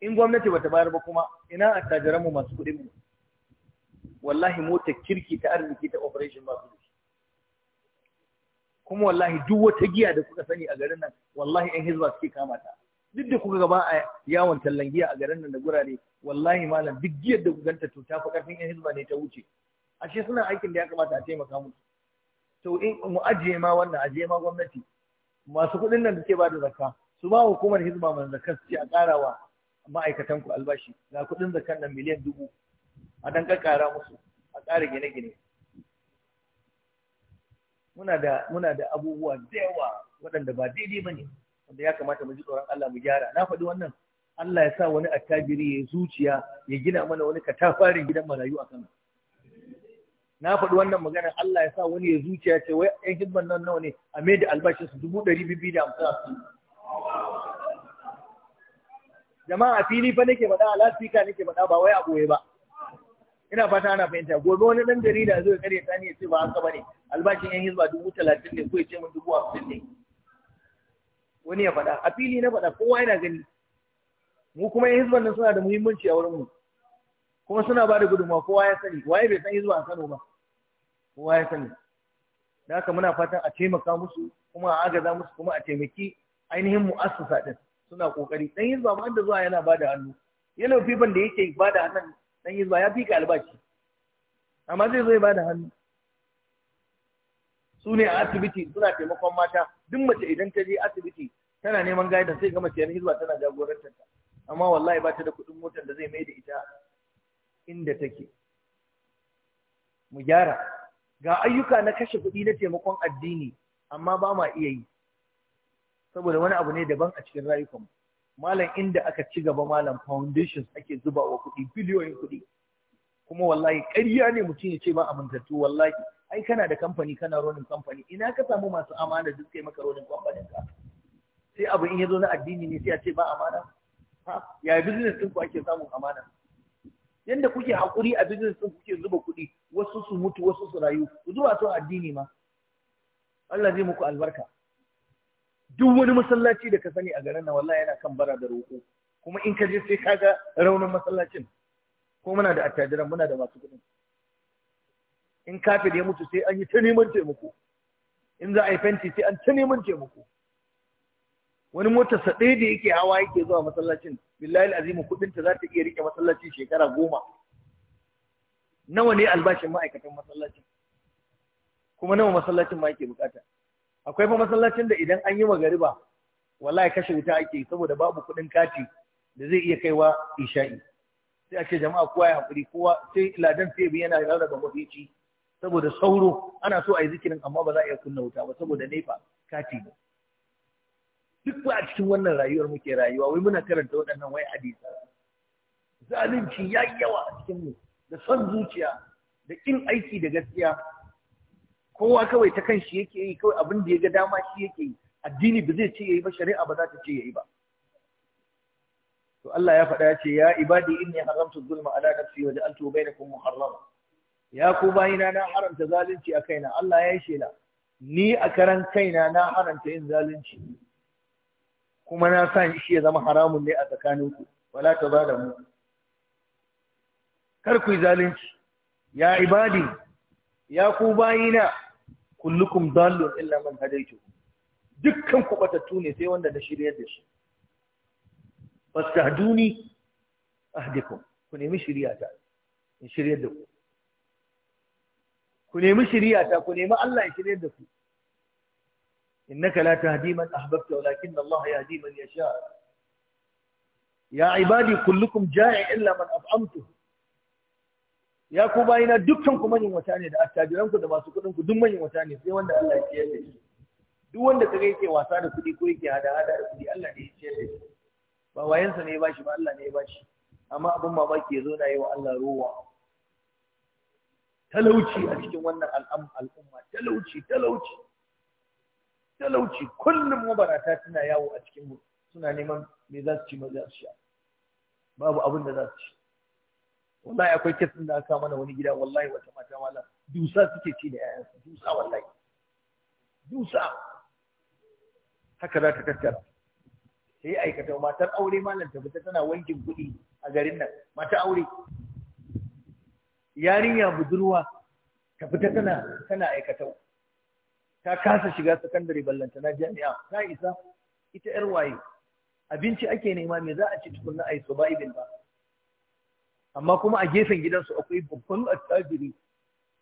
in gwamnati bata bayar ba kuma ina attajiranmu mu masu kuɗin mu wallahi mota kirki ta arziki ta operation ba su kuma wallahi duk wata giya da kuka sani a garin nan wallahi yan hizba suke kama ta duk da kuka gaba a yawon tallan giya a garin nan da gurare wallahi malam duk giyar da ganta to ta fi ƙarfin yan hizba ne ta wuce ashe suna aikin da ya kamata a taimaka musu to in mu ajiye ma wannan ajiye ma gwamnati masu kuɗin nan da ke ba da zakka su ba hukumar hizba da zakka su ce a ƙarawa ma'aikatan ku albashi ga kuɗin zakan nan miliyan dubu
a dan kakkara
musu a ƙara gine-gine muna da muna da abubuwa da yawa waɗanda ba daidai bane wanda ya kamata mu ji tsoron Allah mu gyara na faɗi wannan Allah ya sa wani attajiri ya zuciya ya gina mana wani katafarin gidan marayu a sama na faɗi wannan magana Allah ya sa wani ya zuciya ce wai 'yan hidman nan nawa ne a mai da albashinsu dubu ɗari biyu da hamsin jama'a a fili fa nake faɗa a lasfika nake faɗa ba wai a goye ba ina fata ana fahimta gobe wani ɗan jarida zai kare karya ne ya ce ba haka bane albashin yan hizba dubu talatin ne ko ya ce min dubu hamsin ne wani ya faɗa a fili na faɗa kowa yana gani mu kuma yan hizban nan suna da muhimmanci a wurin mu kuma suna ba da gudunmawa kowa ya sani waye bai san hizba a Kano ba kowa ya sani da haka muna fatan a taimaka musu kuma a agaza musu kuma a taimaki ainihin mu'assasa din suna kokari dan hizba ma da zuwa yana bada hannu yana fifan da yake bada hannun dan hizba ya fika albashi amma zai zo ya bada hannu su ne a asibiti suna taimakon mata duk mace idan ta je asibiti tana neman gaida sai ga mace yan hizba tana jagorantar ta amma wallahi ba ta da kuɗin motar da zai mai da ita inda take mu gyara ga ayyuka na kashe kuɗi na taimakon addini amma ba ma iya yi saboda wani abu ne daban a cikin rayukan malam inda aka ci gaba malam foundation ake zuba wa kuɗi biliyoyin kuɗi kuma wallahi ƙarya ne mutum ya ce ba amintattu wallahi ai kana da kamfani kana ronin kamfani ina ka samu masu amana da kai maka ronin kamfanin ka sai abu in ya zo na addini ne sai a ce ba amana ha ya business din ku ake samun amana yanda kuke haƙuri a business din kuke zuba kuɗi wasu su mutu wasu su rayu ku zuba to addini ma Allah zai muku albarka duk wani masallaci da ka sani a garin na wallahi yana kan bara da roƙo kuma in ka je sai ka ga raunin masallacin ko muna da attajiran muna da masu kuɗin in kafin ya mutu sai an yi ta neman taimako in za a yi fenti sai an ta neman taimako wani motar saɗai da yake hawa yake zuwa masallacin billahi azimu kuɗin ta za ta iya rike masallaci shekara goma nawa ne albashin ma'aikatan masallacin kuma nawa masallacin ma yake bukata akwai fa masallacin da idan an yi magariba wallahi kashe wuta ake saboda babu kuɗin kati da zai iya kaiwa isha'i sai a ce jama'a kowa ya haƙuri kowa sai ladan sai bi yana rarraba mafici saboda sauro ana so a yi zikirin amma ba za a iya kunna wuta ba saboda nefa kati ne duk ba a cikin wannan rayuwar muke rayuwa wai muna karanta waɗannan wai hadisa zalunci ya yawa a cikin mu da son zuciya da kin aiki da gaskiya kowa kawai ta kan shi yake yi kawai abin da ya ga dama shi yake yi addini ba zai ce yayi ba shari'a ba za ta ce yayi ba to Allah ya faɗa ya ce ya ibadi inni haramtu zulma ala nafsi wa ja'altu bainakum muharrama ya ku bayina na haramta zalunci a kaina Allah ya yi shela ni a karan kaina na haramta yin zalunci kuma na sa shi ya zama haramun ne a tsakaninku wala ta mu. kar ku yi zalunci ya ibadi ya ku bayina kullukum dallun illa man hadaytu dukkan ku batattu ne sai wanda na shirye da shi fastahduni ahdikum ku nemi shiriya ta in shirye da ku ku nemi shiriya ta ku nemi Allah ya shirye da ku innaka la tahdi man ahbabta walakin Allah yahdi man yasha ya ibadi kullukum ja'i illa man af'amtuhu ya ku bayina dukkan ku manyan wata ne da attajiran ku da masu kuɗin ku duk manyan wata ne sai wanda Allah ya ciyar da shi duk wanda kaga yake wasa da kuɗi ko yake hada hada da kuɗi Allah ne ya ciyar da shi ba wayansa ne ya bashi ba Allah ne ya bashi amma abin mamaki ya zo na yi wa Allah ruwa. talauci a cikin wannan al'umma talauci talauci talauci kullum mabarata suna yawo a cikin suna neman me za su ci ma za su sha babu abin da za su ci wallahi akwai kesin da aka mana wani gida wallahi wata mata mala dusa suke ci da yayansu dusa wallahi dusa haka za ta tattara sai aikata matar aure malam ta fita tana wankin kuɗi a garin nan mata aure yarinya budurwa ta fita tana tana aikata ta kasa shiga sakandare ballanta na jami'a ta isa ita yar waye abinci ake nema me za a ci tukunna ai subaibin ba amma kuma a gefen gidansu akwai babban attajiri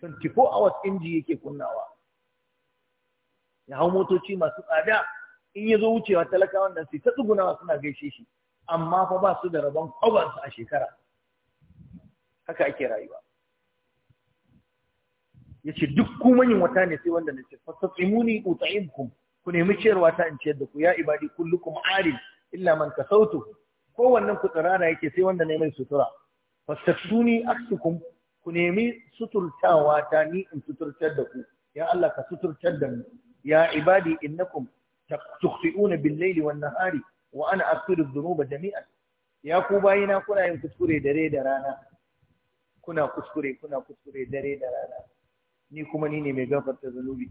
24 hours inji yake kunnawa ya hau motoci masu tsada in ya zo wucewa talakawan nan su ta tsugunawa suna gaishe shi amma fa ba su da rabon kwabansu a shekara haka ake rayuwa ya ce duk kuma yin wata ne sai wanda na ce fasasimuni uta'imkum ku nemi ciyarwa ta in ciyar da ku ya ibadi kuma arin illa man kasautu kowannen ku tsirara yake sai wanda ne mai sutura fastaftuni aksukum ku nemi suturtawa ta ni in suturtar da ku ya Allah ka suturtar da mu ya ibadi innakum tukhti'una bil-layli wan-nahari wa ana aghfiru dhunuba jami'an ya ku bayina kuna yin kuskure dare da rana kuna kuskure kuna kuskure dare da rana ni kuma ni ne mai gafarta zanubi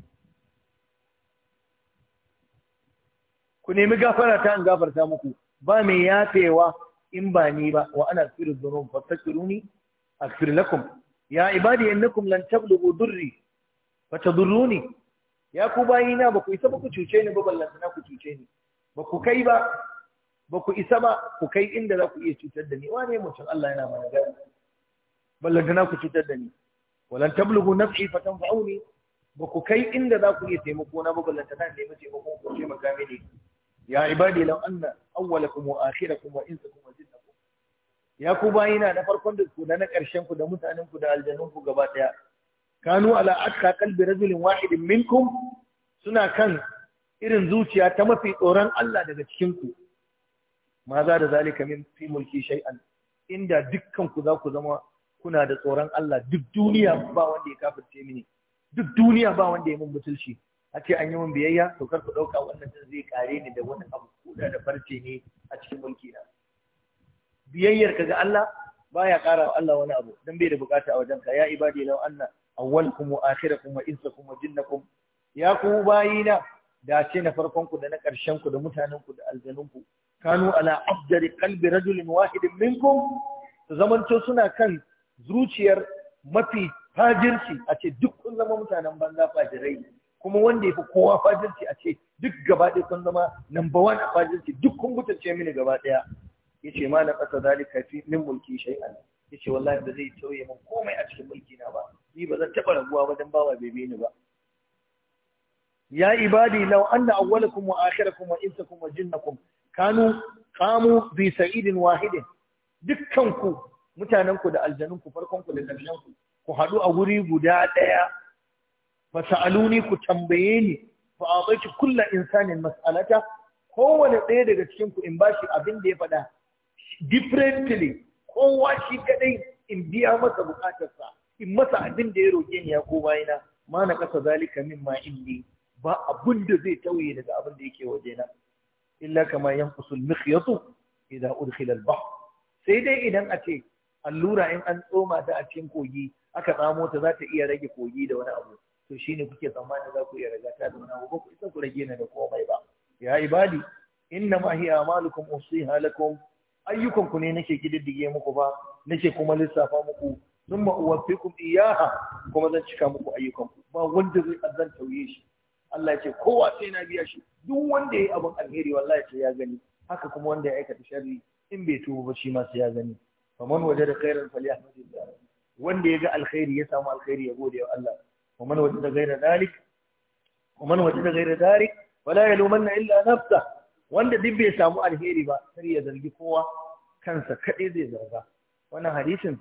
ku nemi gafara ta an gafarta muku ba mai yafewa in ba ni ba wa ana firin zunun fastakiruni a lakum ya ibadi innakum lan tablugu durri fa tadurruni ya ku na ba ku isa ba ku cuce ni ba na ku cuce ni ba ku kai ba ba ku isa ba ku kai inda za ku iya cutar da ni Wa ne mutum Allah yana mana gani na ku cutar da ni walan tablugu nafsi fa tanfa'uni ba ku kai inda za ku iya taimako na ba ballantana ne nemi taimako ku taimaka mini ya ibadi law anna awwalakum wa akhirakum wa insakum wa jinnakum
ya ku bayina
na farkon da ku da na ƙarshen ku da mutanen ku da aljanun ku gaba ɗaya. kanu ala atka qalbi rajulin wahidin minkum suna kan irin zuciya ta mafi tsoron Allah daga cikin ku ma za da zalika min fi mulki shay'an inda dukkan ku za ku zama kuna da tsoron Allah duk duniya ba wanda ya kafirce mini duk duniya ba wanda ya mun mutulci a ce an yi min biyayya to kar ku ɗauka wannan din zai kare ni da wani abu kuda da farce ne a cikin mulki na biyayyar ka ga Allah baya ƙara wa Allah wani abu dan bai da bukata a wajenka ya ibadi law anna awwalukum wa akhirukum wa insakum wa jinnakum ya ku bayina da ce na farkon ku da na ƙarshen ku da mutanen ku da aljanun ku kanu ala afdari qalbi rajulin wahidin minkum to zamanto suna kan zuciyar mafi fajirci a ce duk kun zama mutanen banza fajirai kuma wanda ya fi kowa fajirci a ce duk gaba ɗaya sun zama number one a fajirci duk kun mutunce mini gaba ɗaya ya ce ma na ƙasa zali kafi min mulki shay'an ya ce wallahi ba zai tauye min komai a cikin mulki na ba ni ba zan taɓa raguwa ba don bawa bai ni ba ya ibadi law anna awwalakum wa akhirakum wa insakum wa jinnakum kanu qamu bi sa'idin wahidin dukkan ku mutanen ku da aljanun ku farkon ku da ƙarshen ku ku haɗu a wuri guda ɗaya fasa'aluni ku tambaye ni fa ataitu kullu insanin mas'alata kowane ɗaya daga cikin ku in bashi abin da ya faɗa differently kowa shi kadai in biya masa bukatarsa in masa abin da ya roke ni ya ko bayina ma na kasa zalika min ma inni ba abin da zai tauye daga abin da yake wajena illa kama yanqusul mikhyatu idza udkhila al-bahr sai dai idan a ce allura in an tsoma ta a cikin kogi aka tsamo ta za ta iya rage kogi da wani abu to shi ne kuke tsammanin za ku iya ragata da wani abu ku isa ku rage na da komai ba ya ibadi inna ma hiya amalukum usiha lakum ayyukan ku ne nake gididdige muku ba nake kuma lissafa muku thumma uwaffikum iyaha kuma zan cika muku ayyukan ku ba wanda zai azan tauye shi Allah ya ce kowa sai na biya shi duk wanda yayi abin alheri wallahi sai ya gani haka kuma wanda ya aikata sharri in bai tuba ba shi ma sai ya gani faman wajada khairan falyahmadillah wanda ya ga alkhairi ya samu alkhairi ya gode wa Allah ومن وجد غير ذلك ومن وجد غير ذلك ولا يلومن إلا نفسه wanda duk bai samu alheri ba sai ya zargi kowa kansa kaɗai zai zarga wannan hadisin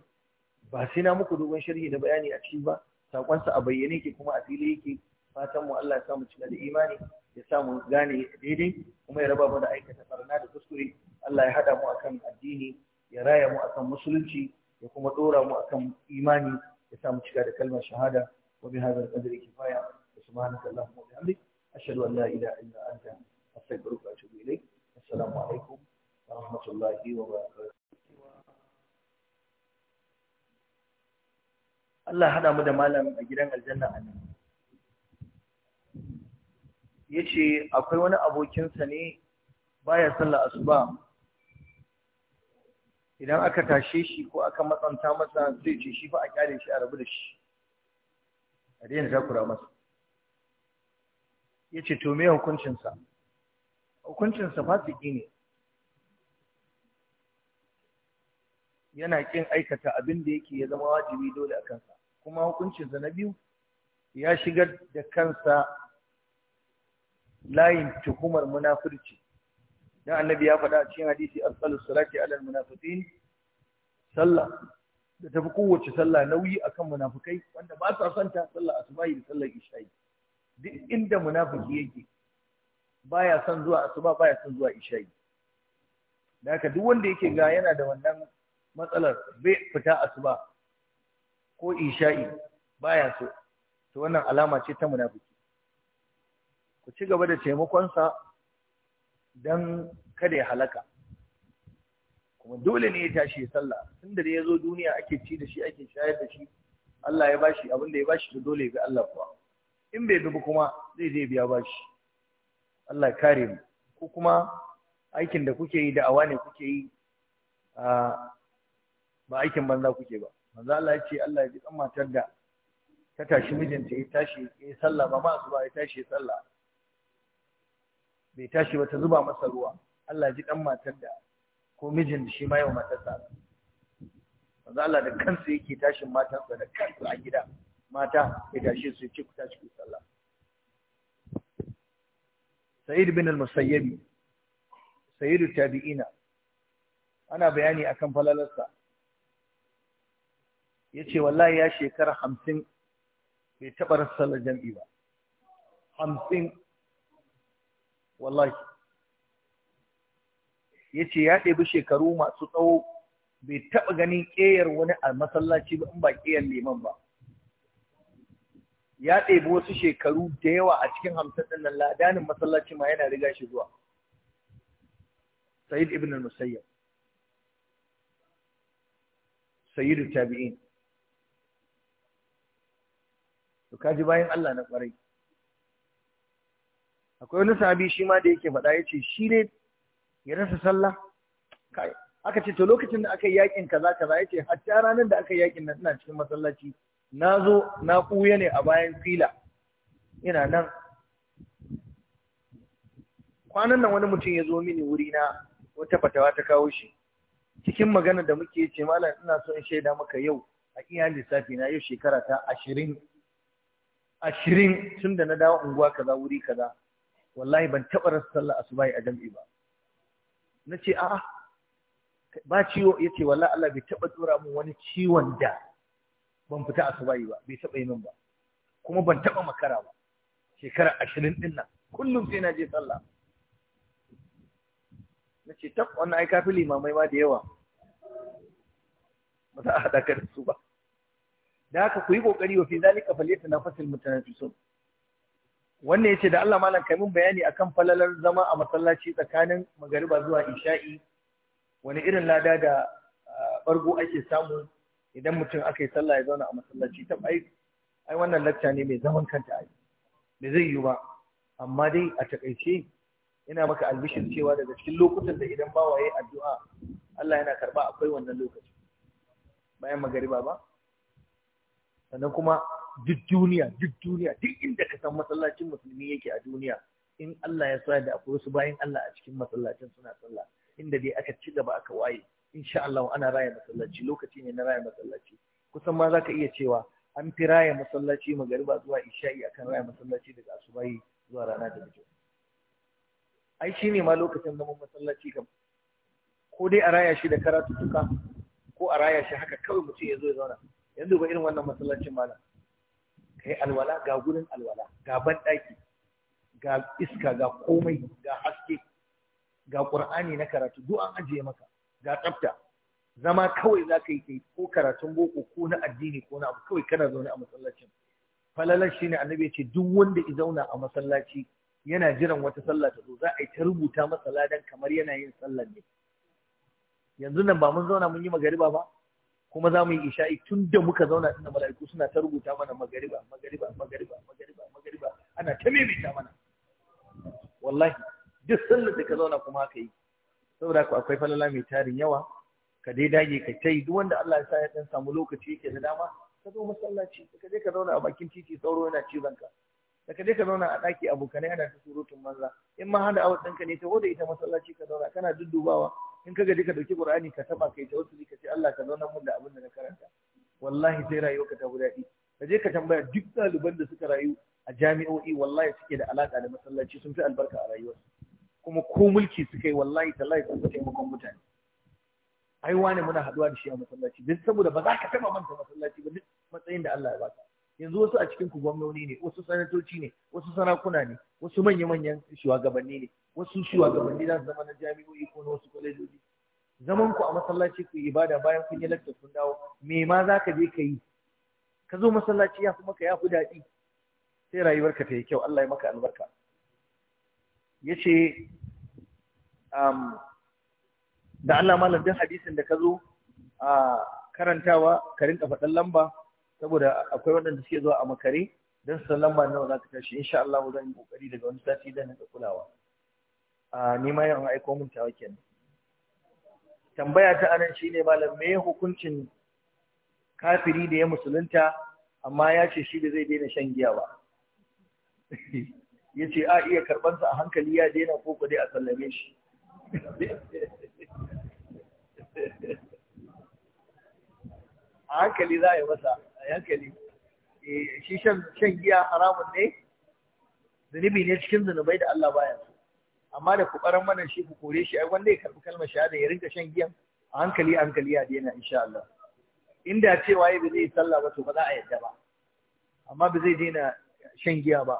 ba sai na muku dogon sharhi da bayani a ciki ba sakonsa a bayyane yake kuma a fili yake fatan mu Allah ya samu cika da imani ya samu gane daidai kuma ya raba mu da aikata barna da kuskure Allah ya hada mu akan addini ya raya mu akan musulunci ya kuma dora mu akan imani ya samu cika da kalmar shahada وبهذا القدر كفاية سبحانك اللهم وبحمدك أشهد أن لا إله إلا أنت أستغفرك وأتوب إليك السلام عليكم ورحمة الله وبركاته Allah hada mu da malam a gidan aljanna a nan. Ya ce, akwai wani abokinsa ne baya sallah asuba. Idan aka tashe shi ko aka matsanta masa sai ce shi fa a kyale shi a rabu da shi. a daina takura masa ya ce to me hukuncinsa hukuncinsa fasiki ne yana kin aikata abin da yake ya zama wajibi dole a kansa kuma hukuncinsa na biyu ya shigar da kansa layin tuhumar munafurci dan annabi ya faɗa a cikin hadisi as-salatu salati alal munafiqin sallah da tafi kowace sallah nauyi akan munafukai wanda ba sa son ta sallah asubahi da sallar isha'i duk inda munafuki yake baya son zuwa asuba baya son zuwa isha'i da haka duk wanda yake ga yana da wannan matsalar bai fita asuba ko isha'i baya so to wannan alama ce ta munafuki. ku ci gaba da taimakonsa don kada ya halaka kuma dole ne ya tashi ya sallah tun da ya zo duniya ake ci da shi ake shayar da shi Allah ya bashi abin da ya bashi da dole ya Allah kuwa in bai bi kuma zai je biya bashi Allah ya kare mu ko kuma aikin da kuke yi da awa ne kuke yi ba aikin banza kuke ba manzo Allah ya ce Allah ya ji dan matar da ta tashi mijinta ya tashi ya sallah ba ma su ba ya tashi ya sallah bai tashi ba ta zuba masa ruwa Allah ya ji dan matar da ko mijin da shi ma yau matarsa manzo Allah da kansa yake tashin matarsa da kansa a gida mata ya tashi su ce ku tashi ku sallah Sa'id bin al-Musayyib sayyidu tabi'ina ana bayani akan falalarsa yace wallahi ya shekara 50 bai taɓa rasar jam'i ba 50 wallahi ya ce ya ɗebi shekaru masu tsawo bai taɓa ganin ƙeyar wani a masallaci ba in ba ƙeyar neman ba ya ɗebi wasu shekaru da yawa a cikin hamsin ɗin nan ladanin masallaci ma yana riga shi zuwa sayid ibn Musayyar. musayyab Sayyidu tabi'in to kaji bayan Allah na ƙwarai akwai wani sahabi shi ma da yake faɗa yace shi ne ya rasa sallah aka ce to lokacin da aka yi yakin kaza kaza yace ta ranar da aka yi yakin nan ina cikin masallaci na zo na kuya ne a bayan fila ina nan kwanan nan wani mutum ya zo mini wuri na wata fatawa ta kawo shi cikin magana da muke ce malam ina so in shaida maka yau a iya lissafi na yau shekara ta ashirin ashirin tun da na dawo unguwa kaza wuri kaza wallahi ban taɓa rasa sallah asubahi a jam'i ba na ce a'a ba ciwo ya ce wala Allah bai taɓa tura min wani ciwon da ban fita asubahi ba bai taɓa yi min ba kuma ban taɓa makara ba Shekarar ashirin ɗin nan kullum sai na je sallah na ce tab wannan ai kafin limamai ma da yawa ba za a haɗa ka da su ba da haka ku yi ƙoƙari wa fi zalika ta na fasil sun wannan yace da Allah malam kai mun bayani akan falalar zama a masallaci tsakanin magariba zuwa isha'i wani irin lada da bargo ake samu idan mutum aka yi sallah ya zauna a masallaci ta ai ai wannan lacca ne mai zaman kanta ai me zai yi ba amma dai a takaice ina maka albishir cewa daga cikin lokutan da idan bawa yayi addu'a Allah yana karba akwai wannan lokaci bayan magariba ba sannan kuma duk duniya duk duniya duk inda ka san masallacin musulmi yake a duniya in Allah ya sa da akwai wasu bayan Allah a cikin masallacin suna sallah inda dai aka ci gaba aka waye insha Allah ana raya masallaci lokaci ne na raya masallaci kusan ma zaka iya cewa an fi raya masallaci magariba zuwa isha'i akan raya masallaci daga asubahi zuwa rana da bijo ai shine ma lokacin zaman masallaci kam ko dai a raya shi da karatu tuka ko a raya shi haka kawai mutum ya zo ya zauna yanzu ba irin wannan masallacin malam kai alwala ga gurin alwala ga banɗaki ga iska ga komai ga haske ga ƙur'ani na karatu duk an ajiye maka ga tsafta zama kawai za ka yi kai ko karatun boko ko na addini ko na abu kawai kana zaune a masallacin falalar shi ne annabi ya ce duk wanda ya zauna a masallaci yana jiran wata sallah ta zo za a yi ta rubuta masa ladan kamar yana yin sallar ne yanzu nan ba mun zauna mun yi magariba ba kuma za mu yi isha'i tun da muka zauna inda mala'iku suna ta rubuta mana magariba magariba magariba magariba magariba ana ta mana wallahi duk sallar da ka zauna kuma haka yi saboda ku akwai falala mai tarin yawa ka dai dage ka tai duk wanda Allah ya sa ya dan samu lokaci yake da dama ka zo masallaci ka je ka zauna a bakin titi sauro yana cizon ka da ka je ka zauna a ɗaki abokanai ana ta surutun manza in ma hada awa ɗinka ne ta da ita masallaci ka zauna kana duddubawa in ka gaji ka dauki qur'ani ka taba kai wasu ka ce Allah ka zauna mun da abin da na karanta wallahi sai rayuwa ka ta daɗi ka je ka tambaya duk ɗaliban da suka rayu a jami'o'i wallahi suke da alaka da masallaci sun fi albarka a rayuwarsu kuma ko mulki suka yi wallahi tallahi sun taimakon mutane ai wane muna haduwa da shi a masallaci duk saboda ba za ka taba manta masallaci ba duk matsayin da Allah ya baka yanzu wasu a cikin ku gwamnoni ne wasu sanatoci ne wasu sarakuna ne wasu manya-manyan shugabanni ne wasu shugabanni za su zama na jami'o'i ko na wasu kwalejoji zaman ku a masallaci ku ibada bayan kun yi lakta kun dawo me ma za ka je ka yi ka zo masallaci ya kuma ka ya fi daɗi sai rayuwarka ta yi kyau Allah ya maka albarka ya ce um, da Allah malam din hadisin da ka zo a karantawa ka rinka faɗan lamba saboda akwai waɗanda suke zuwa a makare don su lamba nawa za ta tashi insha Allah zan yi kokari daga wani sati zan na kulawa a ni ma yau aiko mun tawa kenan tambaya ta anan ne malam me hukuncin kafiri da ya musulunta amma ya ce shi da zai daina shan giya ba ya ce a iya karɓansa a hankali ya daina ko kuɗi a sallame shi a hankali za a yi masa hankali eh, shi shan giya haramun ne zunubi ne cikin zunubai da Allah baya amma da kubaran mana shi ku kore shi ai wanda ya karbi kalmar shahada ya rinka shan giyan a hankali hankali ya daina insha Allah inda cewa yayi ba zai sallah ba to ba za a yadda ba amma ba zai daina shan giya ba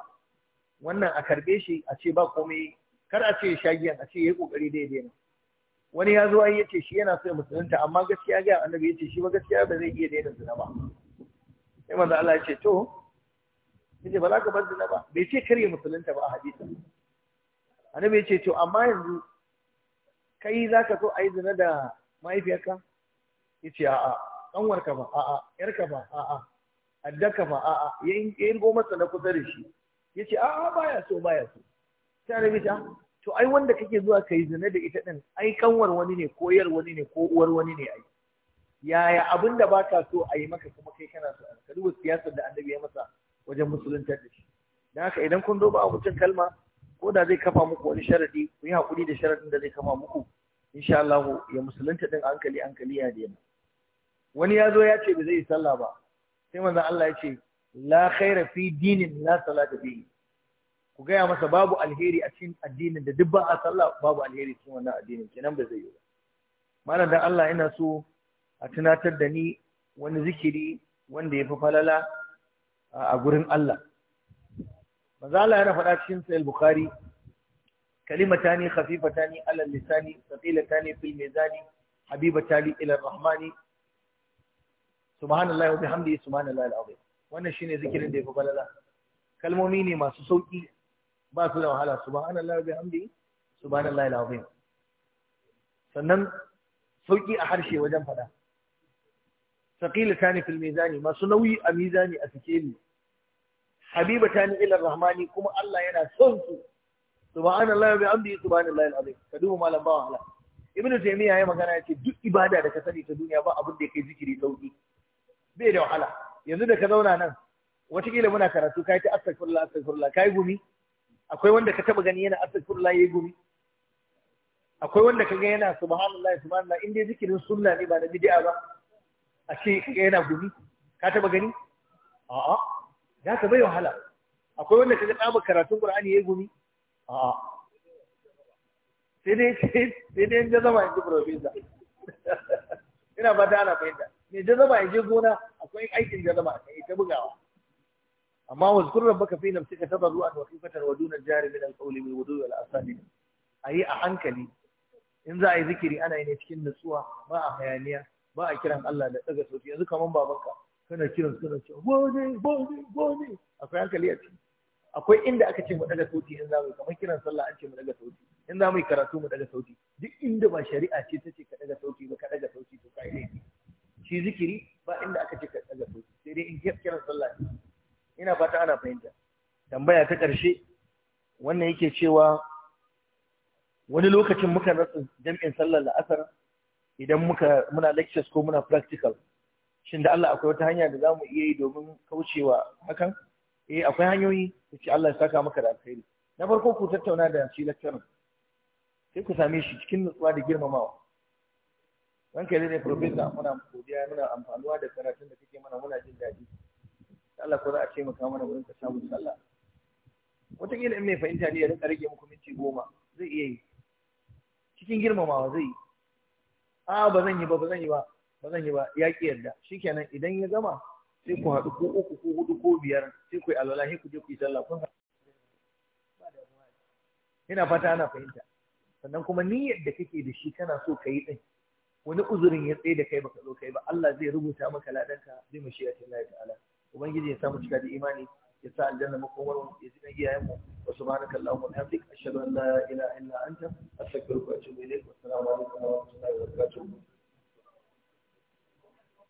wannan a karbe shi a ce ba komai kar a ce ya sha giyan a ce yayi kokari dai daina wani ya zo ai yace shi yana so ya musulunta amma gaskiya ga annabi yace shi ba gaskiya ba zai iya daina zina ba sai manzo Allah ya ce to yace ba za ka bar zina ba bai ce kare musulunta ba a hadisi annabi ya ce to amma yanzu kai za ka so a yi zina da mahaifiyarka ya ce a'a ka ba a'a yarka ba a'a addaka ba a'a ya yi gomarsa na kusa da shi ya ce a'a baya so baya so sai annabi ta ah, to ai wanda kake zuwa ka yi zina da ita ɗin ai ƙanwar wani ne ko yar wani ne ko uwar wani ne ai yaya abin da baka so a yi maka kuma kai kana so ka duba siyasar da annabi ya masa wajen musuluntar da shi dan haka idan kun duba abucin kalma ko da zai kafa muku wani sharadi ku yi hakuri da sharadin da zai kafa muku insha Allah ya musulunta din hankali hankali ya daina wani ya zo ya ce ba zai yi sallah ba sai manzon Allah ya ce la khaira fi dinin la salata fihi ku gaya masa babu alheri a cikin addinin da duk ba a sallah babu alheri cikin wannan addinin kenan ba zai yi ba malam dan Allah yana so a tunatar da ni wani zikiri wanda ya fi falala a gurin Allah. Maza Allah yana faɗa cikin Sahih Bukhari Kalima ta ta kalimatani khafifatani alal lisani thaqilatani fil ta habibatani ilar rahmani subhanallahi wa bihamdihi subhanallah al-azim wannan ne zikirin da ya fi falala kalmomi ne masu sauƙi ba su da wahala subhanallahi wa bihamdihi subhanallah al-azim sannan sauƙi a harshe wajen faɗa ثقيلتان في الميزان ما سنوي أميزاني أسكيلي حبيبتان إلى الرحمن كما الله ينا سنسو سبحان الله وبحمده سبحان ya العظيم duk ما da باعلا ابن تيمية يا مكانا يتي دك إبادة kai zikiri با أبن da wahala, yanzu da ka zauna nan, نم watakila muna karatu kai ta astaghfirullah astaghfirullah kai gumi akwai wanda ka taba gani yana astaghfirullah yayi gumi akwai wanda kaga yana subhanallah subhanallah in dai zikirin sunna ne ba na bid'a ba a ce yana gumi ka taba gani a'a ya ka bai wahala akwai wanda kaga tsaba karatun qur'ani yayi gumi a'a sai dai sai dai da in ji profesa ina ba da ana fahimta me da in je gona akwai aikin zama kai ta bugawa amma wazkur rabbaka fi nafsika tadarruan wa khifatan wa duna jari min al-qawli min wudu wal asali ayi a hankali in za a yi zikiri ana yi ne cikin nutsuwa ba a hayaniya ba a kiran Allah da daga sauti yanzu kaman babanka kana kiran kana ce gode gode gode akwai hankali a ciki akwai inda aka ce mu daga sauti in zamu kamar kiran sallah an ce mu daga sauti in zamu yi karatu mu daga sauti duk inda ba shari'a ce ta ce ka daga sauti ba ka daga sauti to kai ne shi zikiri ba inda aka ce ka daga sauti sai dai in kiran sallah ina fata ana fahimta tambaya ta ƙarshe wannan yake cewa wani lokacin muka rasa jam'in sallar la'asar idan muka muna lectures ko muna practical shin da Allah akwai wata hanya da za mu iya yi domin kaucewa hakan eh akwai hanyoyi yace Allah ya saka maka da alkhairi na farko ku tattauna da shi lecturer sai ku same shi cikin nutsuwa da girmamawa kai ne professor muna godiya muna amfanuwa da karatun da kake mana muna jin daɗi Allah ko za a ce maka mana wurin ka samu wata wataƙila in mai fahimta ne ya rinka rage muku minti goma zai iya yi cikin girmamawa zai yi a ba zan yi ba ba zan yi ba ba zan yi ba ya ki yarda shikenan idan ya gama sai ku haɗu ko uku ko hudu ko biyar sai ku yi alwala ku je ku yi sallah kun ina fata ana fahimta sannan kuma niyyar da kake da shi kana so ka yi din wani uzurin ya tsaye da kai baka zo kai ba Allah zai rubuta maka ladanka zai mashi ya ta'ala ubangiji ya samu cika da imani ya sa aljanna makomar mu ya zina iyayen mu wa subhanaka allahumma wa bihamdika ashhadu an la ilaha illa anta astaghfiruka wa atubu ilayk wa assalamu alaikum wa rahmatullahi wa barakatuh